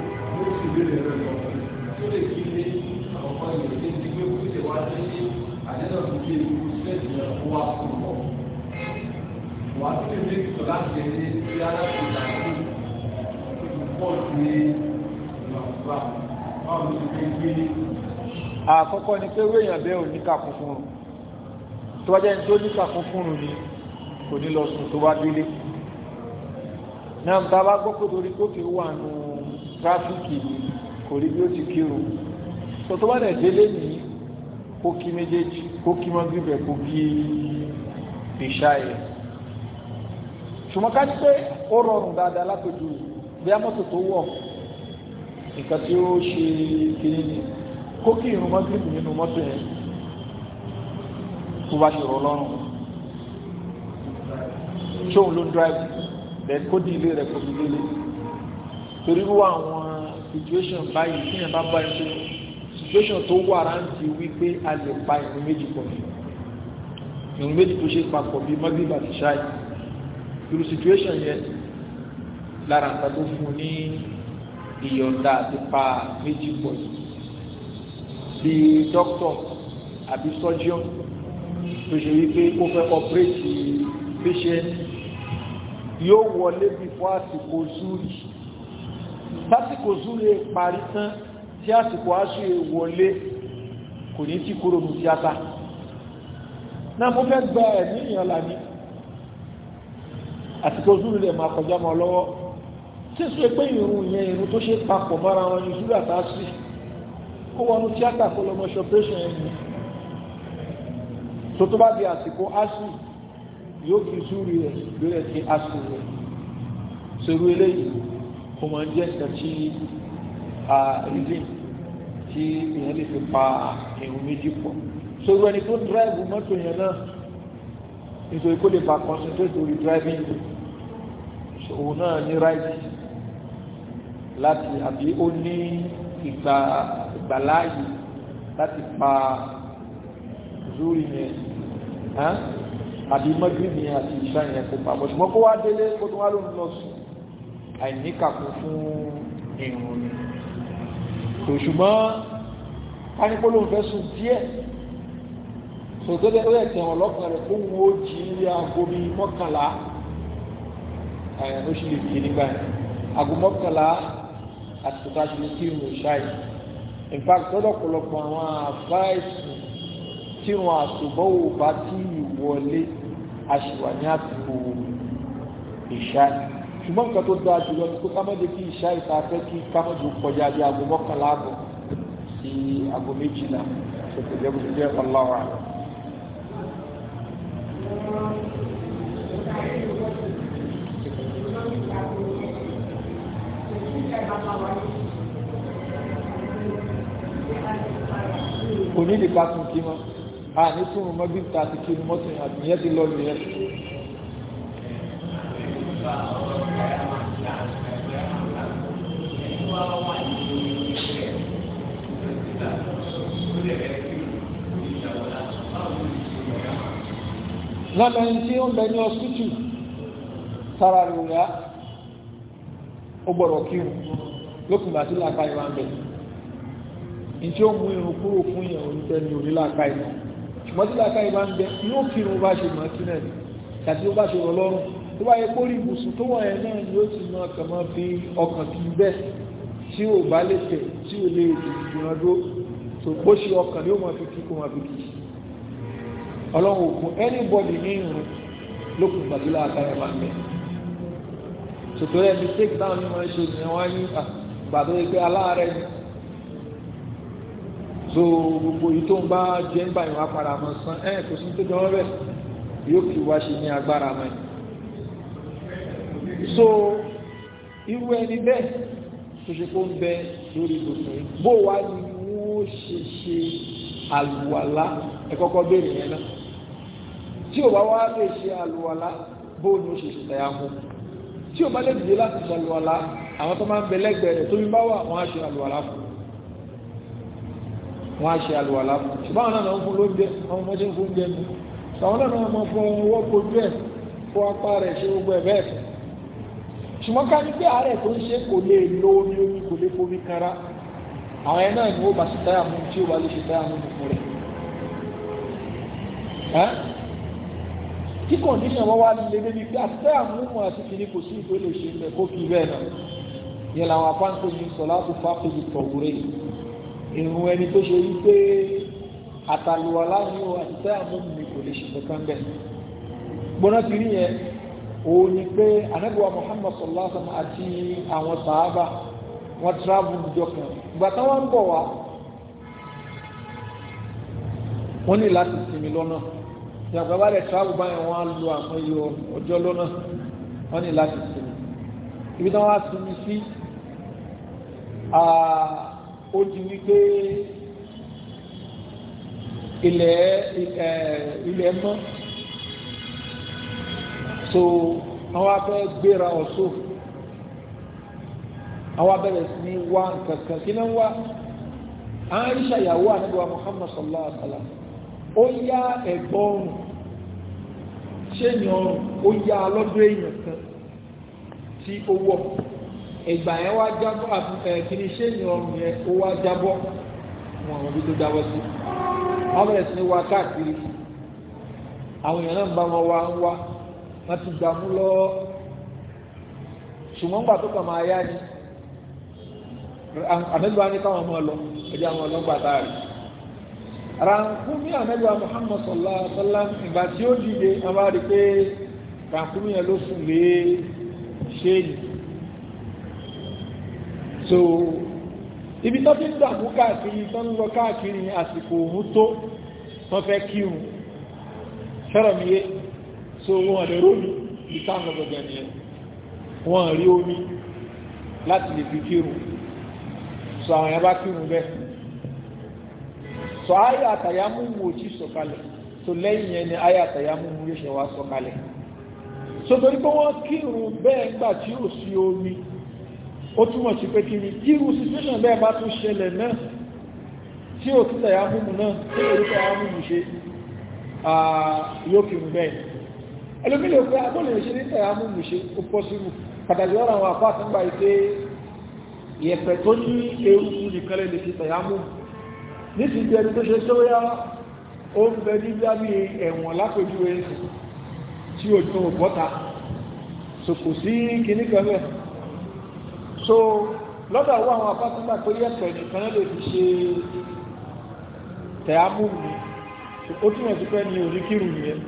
ìbéèrè rẹ̀ lọ tó lè kí ilé àwọn ọmọ ìlú ní ti gbé kó ṣe wá sí ní àdéhùn àti ilé ìlú sílẹ̀ ìyẹn kó wá fún ọ. wà á tún lè sọ láti ẹni tí alákòóso àti pọ̀ sí ìwàkúwà báwo ló ti gbé gbé. àkọ́kọ́ ni pé wéèyàn bẹ́ẹ̀ ò ní kà fún tó bá jẹ́ tó ní kà fún ni kò ní lọ sùn tó bá délé náà tá a bá gbọ́ pé torí kókè wà nù tráfíkì kò rí bí ó ti kírun tó tó bá dẹ̀ délé yìí kó kí méjèèjì kó kí mọ́gìrìbẹ̀ kó kí ìṣá yẹ ṣùgbọ́n ká ní pé ó rọrùn dáadáa lápẹ̀jù bí amọ́tò tó wọ̀ nǹkan tí ó ṣe kiri ni kó kí irun mọ́gìrìbù nínú mọ́tò yẹn kó bá ṣe rọ lọ́rùn ṣóun ló ń dráìbù then kó di ilé rẹ̀ kó fi délé torí wíwá àwọn situation báyìí tí yẹn bá bá ẹni tó situation tó wà rántí wípé a lè pa ìrun méjì pọ̀ ìrun méjì tó ṣe papọ̀ bíi magrib àti shai irú situation yẹn lára nǹkan tó fún ní ìyọ̀ǹda àti pa méjì pọ̀ bíi doctor àbí surgeon tó ṣe wípé ó fẹ́ operate patient yóò wọlé bí fún àsìkò zuri básìkò zúre parí tán tí àsìkò aṣọ ìwọlé kò ní tí kúrò ní tíátà náà mo fẹ́ gba ẹ̀mí ìyàn lànà àsìkò zúre rẹ̀ máa kọjá mọ́ lọ́wọ́ sísun pé ìrùn yẹn ìrùn tó ṣe papọ̀ mọ́ra wọn ní zúre àtàsí kó wọnú tíátà kó lọ́mọ ṣọpẹ́ṣọ̀ ẹ̀mí tó tó bá di àsìkò aṣọ yóò fi zúre rẹ̀ lórí ẹ̀sìn aṣọ rẹ̀ ṣerú eléyìí ó máa ń jẹ́ nǹkan tí reason tí èèyàn lè fi pa irun méjì pọ̀ sórí ẹni tó ń dráìbù mọ́tò yẹn náà nítorí kó lè bá concentrate lórí driving òun náà ní right láti àbí ó ní ìgbà ìgbàláàyè láti pa zuri yẹn àbí mọ́gírì yẹn àti ìṣá yẹn kó pa bọ̀ ṣùgbọ́n kó wá délé kó tó wá lóun lọ sùn àìníkàkú fún ìrùn ni tó ṣùgbọ́n kánípólò ń fẹ́ sùn díẹ̀ tó gẹ́gẹ́ ó yẹ tẹ̀wọ̀n lọ́kàn rẹ̀ kó wọn ó jí ilé aago bíi mọ́kànlá ó sì lè fi nígbà yẹn aago mọ́kànlá àti tó ṣe kí irun ṣáì in tọ́dọ̀ pọ̀lọpọ̀ àwọn àfáìsì tí wọn àtòbọ̀ bá tí ì wọlé ní àtìkò ìṣáì ṣùgbọ́n nǹkan tó dáa jùlọ ni pé kámọ́dé kí ìṣá ìta fẹ́ kí kámọ́dé kọjá bí aago mọ́kànlá àbọ̀ sí aago méjìlá tó kò jẹ́ bó ti jẹ́ ọláwà. kò ní ìdíkà tún kí mọ́ a ní tún mọ́ bí ta ti kí mọ́tò àbíyẹ́ ti lọ nìyẹn. lọ́lọ́ ẹni tí ó ń bẹ ní ọsítù sára rúra ó gbọ́dọ̀ kírun lókùn bàtí làákà ìwà ń bẹ ìtí ó mú irun kúrò fún yẹn oníṣẹ́ ní orí làákà ìwà ṣùgbọ́n tí làákà ìwà ń bẹ yóò kírun bá ṣe mọ́ sí náà àti ó bá ṣe rọ lọ́rùn tó bá yẹ kó rí ibùsùn tó wọ̀nyẹn náà ni ó ti mọ ọkàn mọ́ ọkàn kì í bẹ́ tí ò bá lè tẹ̀ tí ò lè dùn ìdúnadó tó gbóṣe ọkàn ni ó mọ̀ fi kí kó fi kì ọlọ́run òkun anybody ní irun lókun pàtó láàkáyà máa ń bẹ̀. sòtòrò ẹ̀ mistake táwọn onímọ̀ ṣe ni wọ́n á ní gbàdúrà pé aláàárẹ̀ ni so gbogbo yìí tó ń bá jẹ́ ń bá ìwà padà mọ̀ san ẹ̀ kò sí tó dánwọ́ bẹ̀ yóò kí wá ṣe ní agbára mọ́ ẹ̀. so irú ẹni bẹ́ẹ̀ tó ṣe kó ń bẹ lórí gbogbo yìí bó wá ni wọ́n ṣe ṣe àlùwàlá ẹ kọ́kọ́ béèrè yẹn náà. tí ò bá wá lè ṣe àlùwàlá bóòlù ó ṣe ṣe tẹ̀yà fún tí o bá lè dìde láti ṣe àlùwàlá àwọn tó máa ń bẹ lẹ́gbẹ̀ẹ́ rẹ̀ tóbi bá wà wọ́n á ṣe àlùwàlá fún wọ́n á ṣe àlùwàlá fún ṣùgbọ́n àwọn náà ń fún lóúnjẹ àwọn ọmọ ṣe ń fún oúnjẹ àwọn náà ọwọ́ kojú ẹ̀ apá rẹ̀ ṣe gbogbo ẹ̀ bẹ́ẹ̀ ṣùgbọ́n ká ní pé àárẹ̀ tó ń ṣe kò lè lo omi tí kọ̀ǹdíṣàn wọ́n wá lè débi pé àtẹ́ àmúmọ̀ àti kìíní kò sí ìtò lè ṣe ń bẹ kó fi bẹ́ẹ̀ náà yẹn làwọn apáǹkó ní sọlá tó fàkóso tọ̀wúrẹ́ ìrùn ẹni tó ṣe yí pé àtàlùwà láàrin o àti tẹ́ àmúmọ̀ ni kò lè ṣe kankan bẹ́ẹ̀ gbọ́nà ti rí yẹn òun ni pé anábíwá Muhammad sallallahu alaihi wasallam àti àwọn sàábà wọ́n tíráàbù ìjọ kan ìgbà táwọn ń bọ̀ wá wọ́n ní láti sinmi lọ́nà ìyàgbẹ́ bá rẹ̀ travel báyìí wọ́n á lo àwọn iye ọjọ́ lọ́nà wọ́n ní láti sinmi ibi tí wọ́n á sinmi sí ó di wípé ilẹ̀ ilẹ̀ mọ́ so wọ́n wá gbéra ọ̀ṣọ́ àwọn abẹ́rẹ́ sí ní wá nǹkan kí ló ń wá àwọn aríṣà ìyàwó àdúgbò Muhammad sallallahu alaihi wa sallam ó yá ẹ̀gbọ́n ṣéèyàn ọrùn ó yá lọ́dọ̀ èèyàn kan tí ó wọ̀ ìgbà yẹn wá jábọ́ àfihàn ṣéèyàn ọrùn yẹn ó wá jábọ́ wọn àwọn tó jábọ́ sí wọ́n bẹ̀rẹ̀ sí ní wá káàkiri àwọn èèyàn náà ń bá wọn wá ń wá ti gbà mú lọ ṣùgbọ́n gbà tó kàn máa yá ni káwọn ọmọ lọ àwọn ràǹkúmí ànábíwá muhammad sallallahu alaihi Wasallam sallam ìgbà tí ó dìde wọn bá rí pé ràǹkúmí ló sùn lé ṣéèlì so ibi tó ti ń dàmú káàkiri tó ń lọ káàkiri àsìkò òun tó wọ́n fẹ́ kírun ṣọ́rọ̀ mi yé so wọ́n lè rómi ìta ọgbọ̀gbẹ̀ nìyẹn wọ́n rí omi láti lè fi kírun so àwọn yẹn bá kírun bẹ́ẹ̀ sọ ayé àtàyámú wò tí sọ̀kalẹ̀ tó lẹ́yìn yẹn ni ayé àtàyámú yóò ṣe wá sọ̀kalẹ̀ so torí pé wọ́n kírun bẹ́ẹ̀ gbà tí ò sí omi ó túmọ̀ sí pé kiri kíru situation bẹ́ẹ̀ bá tún ṣẹlẹ̀ náà tí ò sí tàyámú náà tí ò sí tàyámú ṣe yóò kírun bẹ́ẹ̀ ẹlòmílẹ̀ òkú agbóhùn ah, ṣe ní tàyámú ṣe ó pọ́ sínú pàtàkì lọ́rọ̀ àwọn àpá àtúngbà ìpé yẹ̀pẹ̀ tó ní ewu nìkan lè ṣe tàyámú nísìsiyìí ẹni tó ṣe sóyá ó ń bẹ nígbà ní ẹ̀wọ̀n lápẹjú ẹ̀sìn tí ó tún bọ́ta so kò sí kìíní kan so lọ́dọ̀ àwọn àwọn apátúgbà tó yẹ pẹ̀ nìkan lè fi ṣe tẹ̀ámùmù ó túnmọ̀ sí pé ní oníkírù nìyẹn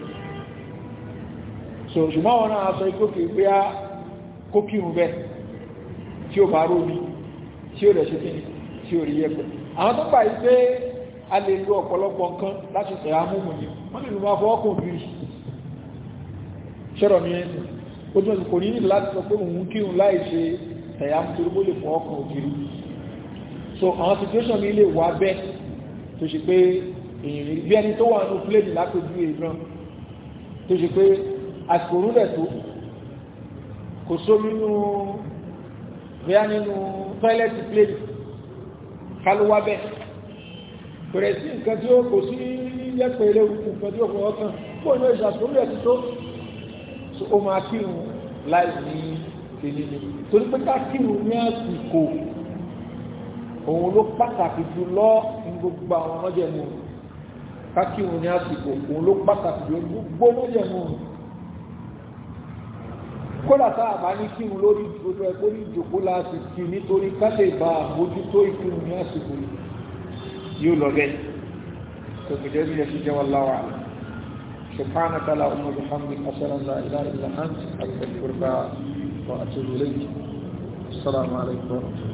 so ṣùgbọ́n wọn náà sọ ikú kìí pé á kókírù bẹ́ẹ̀ tí ó bá rómi tí ó rẹ̀ ṣe tí ó rí yẹ pẹ̀lú àwọn tó gbà yí pé a lè lo ọ̀pọ̀lọpọ̀ nǹkan láti ṣe àmúmù ni wọ́n lè lo máa fọwọ́ kò bí ṣẹ́rọ̀ ní ẹ̀sìn ó tún kò ní nílò láti sọ pé òun kírun láì ṣe ẹ̀yà nítorí ó lè fọwọ́ kan ògiri situation mi lè wà bẹ́ẹ̀ tó ṣe pé èèyàn bí ẹni tó wà nínú plane lápẹjú èèyàn tó ṣe pé àsìkò òun rẹ̀ tó kò só nínú kálọ́ wá bẹ́ẹ̀ bẹ̀rẹ̀ sí nǹkan tí ó kò sí yẹ́pẹ̀ ilé òkú nǹkan tí ó kò ọkàn kó ní ìjà tó rí ẹ̀tí tó so ó máa kírun láì ní tèmi ni torí pé ká kírun ní àsìkò òun ló pàtàkì jù lọ ní gbogbo àwọn ọmọdé mu ká kírun ní àsìkò òun ló pàtàkì jù gbogbo ọmọdé mu kódà tá a bá ní kírun lórí ìjòkó ẹgbẹ́ orí ìjòkó láti kí nítorí ká lè bá àmójútó ìkírun ní àsìkò yóò lọ bẹ́ẹ̀ tó bí ẹ ti jẹ́ wọn láwà سبحانك اللهم وبحمدك أشهد أن لا إله إلا أنت أستغفرك وأتوب إليك السلام عليكم ورحمة الله